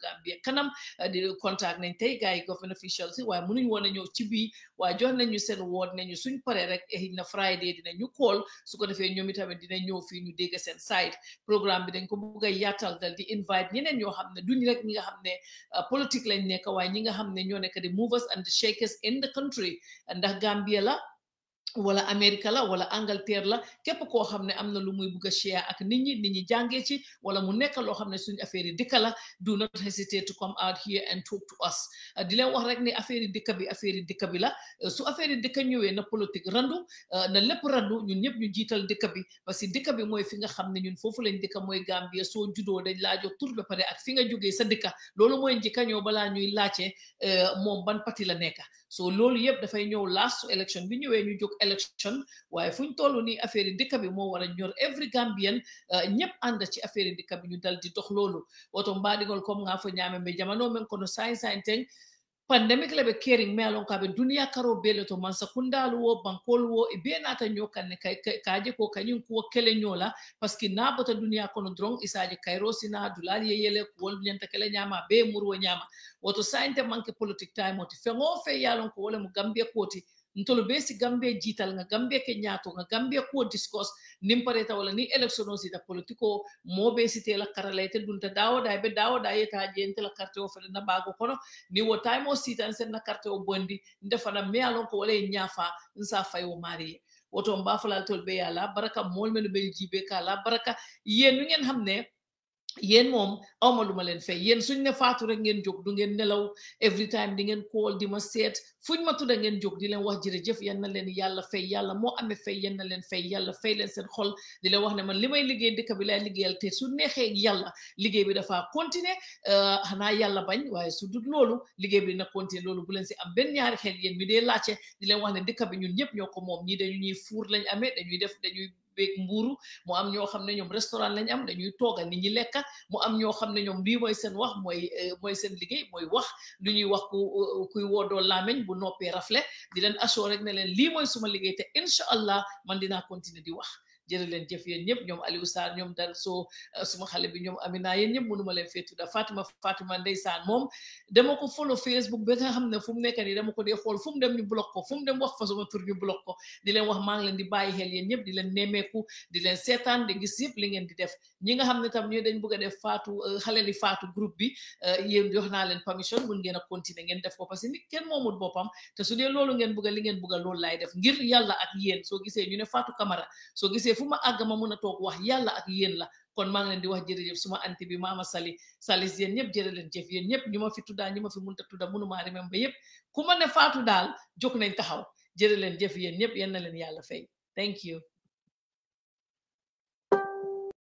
Gambia kanam eh, di contact nañ tey gars yi government officials yi waaye mënuñ woon a ñëw ci bii waaye jox nañ ñu seen woot ne ñu suñ paree rek xëy eh, na Friday dinañ ñu call su ko defee ñoom itamit dinañ ñëw fii ñu dégg seen side programme bi dañ ko bëgg a yaatal dal di invite ñeneen ñoo xam ne duñ rek ñi nga xam ne eh, politique lañ nekk waaye ñi nga xam ne ñoo nekk di movers and shakers in the country ndax Gambia wala Amérique la wala Angleterre la képp koo xam ne am na lu muy bugg a ak nit ñi nit ñi jàngee ci wala mu nekk loo xam ne suñu affaire yi dëkka la do not hesitate to come out here ah, di leen wax rek ne affaire yi dëkka bi affaire yi dëkka bi la ah, su affaire yi dëkka na politique randu ah, na lépp randu ñun ñëpp ñu jiital dëkka bi parce que dëkka bi mooy fi nga xam ne ñun foofu lañ dëkka mooy Gambia soo judoo dañ laa jox tur ba pare ak fi nga jógee sa dëkka loolu mooy njëkka ñoo balaa ñuy laajte moom ban pati la nekka so loolu yëpp dafay ñëw last élection bi ñëwee ñu jóg élection waaye fu ñu toll nii affaire yi dëkk bi moo war a ñor every Gambien euh, ñëpp ànd ci affaire yi dëkk bi ñu dal di dox loolu oto mbaɗigol comme nga fo ñaame mbe jamano men kono sain sain teñ pandemic le ɓe kering me alon kaɓe duniya karo bele to mansakundalu wo bankolu wo e be nata ño kanne kaje ko kañum kuwo kele ñola par ce que naɓota duniya kono dron isaje kayro sina ye yeyele kuwol ñanta kele ñama be murwo ñama woto sainte manque politique time oti feŋo fe yalon ko wole mo gambia koti ntolu be si gambia jital nga gambia ke ñato nga gambia kuwo discourse nimpare wala ni election politiko sita politiko moɓe site la karalayte dunta be dawo dawoɗa yeta jente la carte o na bago kono ni wo time o sitan sen na carte o bondi na me alon ko wala nyafa nsa nsa o mari woto mbafalal tol ɓe yala baraka molmen ɓel jibe kala baraka yenu ngen hamne yéen moom awma lu ma leen fay yéen suñ ne faatu rek ngeen jóg du ngeen nelaw every time di ngeen kool di ma seet fuñ ma tudda ngeen jóg di leen wax jërëjëf yan na leen yàlla fay yàlla moo amee fay yan leen fay yàlla fay leen seen xol di leen wax ne man li may liggéey dëkk bi laay liggéeyal te su neexee yàlla liggéey bi dafa continuer euh, xanaa yàlla bañ waaye su dul loolu liggéey bi dina continuer loolu bu leen si am benn ñaari xel yéen mi dee laajte di leen wax ne dëkk bi ñun ñëpp ñoo ko moom ñii dañu fuur lañ amee dañuy def dañuy beeg mbuuru moo am ñoo xam ne ñoom restaurant lañ am dañuy toogal ni ñi lekk mu am ñoo xam ne ñoom lii mooy seen wax mooy euh, mooy seen liggéey mooy wax lu ñuy wax ku euh, kuy woodoo laameñ bu noppee rafle di leen assoo rek ne leen lii mooy suma liggéey te incha allah man dinaa continuer di wax jërë leen jëf yéen ñëpp ñoom Aliou Sarr di leen wax di leen seetaan di gis yëpp li ngeen di def ñi nga xam ne tam ñoo dañ bëgg a def faatu euh, groupe bi euh, yéen jox naa leen permission mun ngeen a continuer ngeen def ko parce que nit kenn moomut boppam te su loolu ngeen bëgg a li ngeen bëgg a loolu laay def ngir yàlla ak yéen soo gisee ñu faatu kamara soo gisee fu ma àgg ma mun a toog wax yàlla ak yéen la kon maa leen di wax jërëjëf suma anti bi maama sali salis yéen jërë leen jëf yéen ñëpp ñu ma fi tuddaa ñu ma fi munta tudda munu maa remem ba yëpp ku ma ne faatu daal jóg nañ taxaw jërë leen jëf yéen ñëpp yéen na leen yàlla fay thank you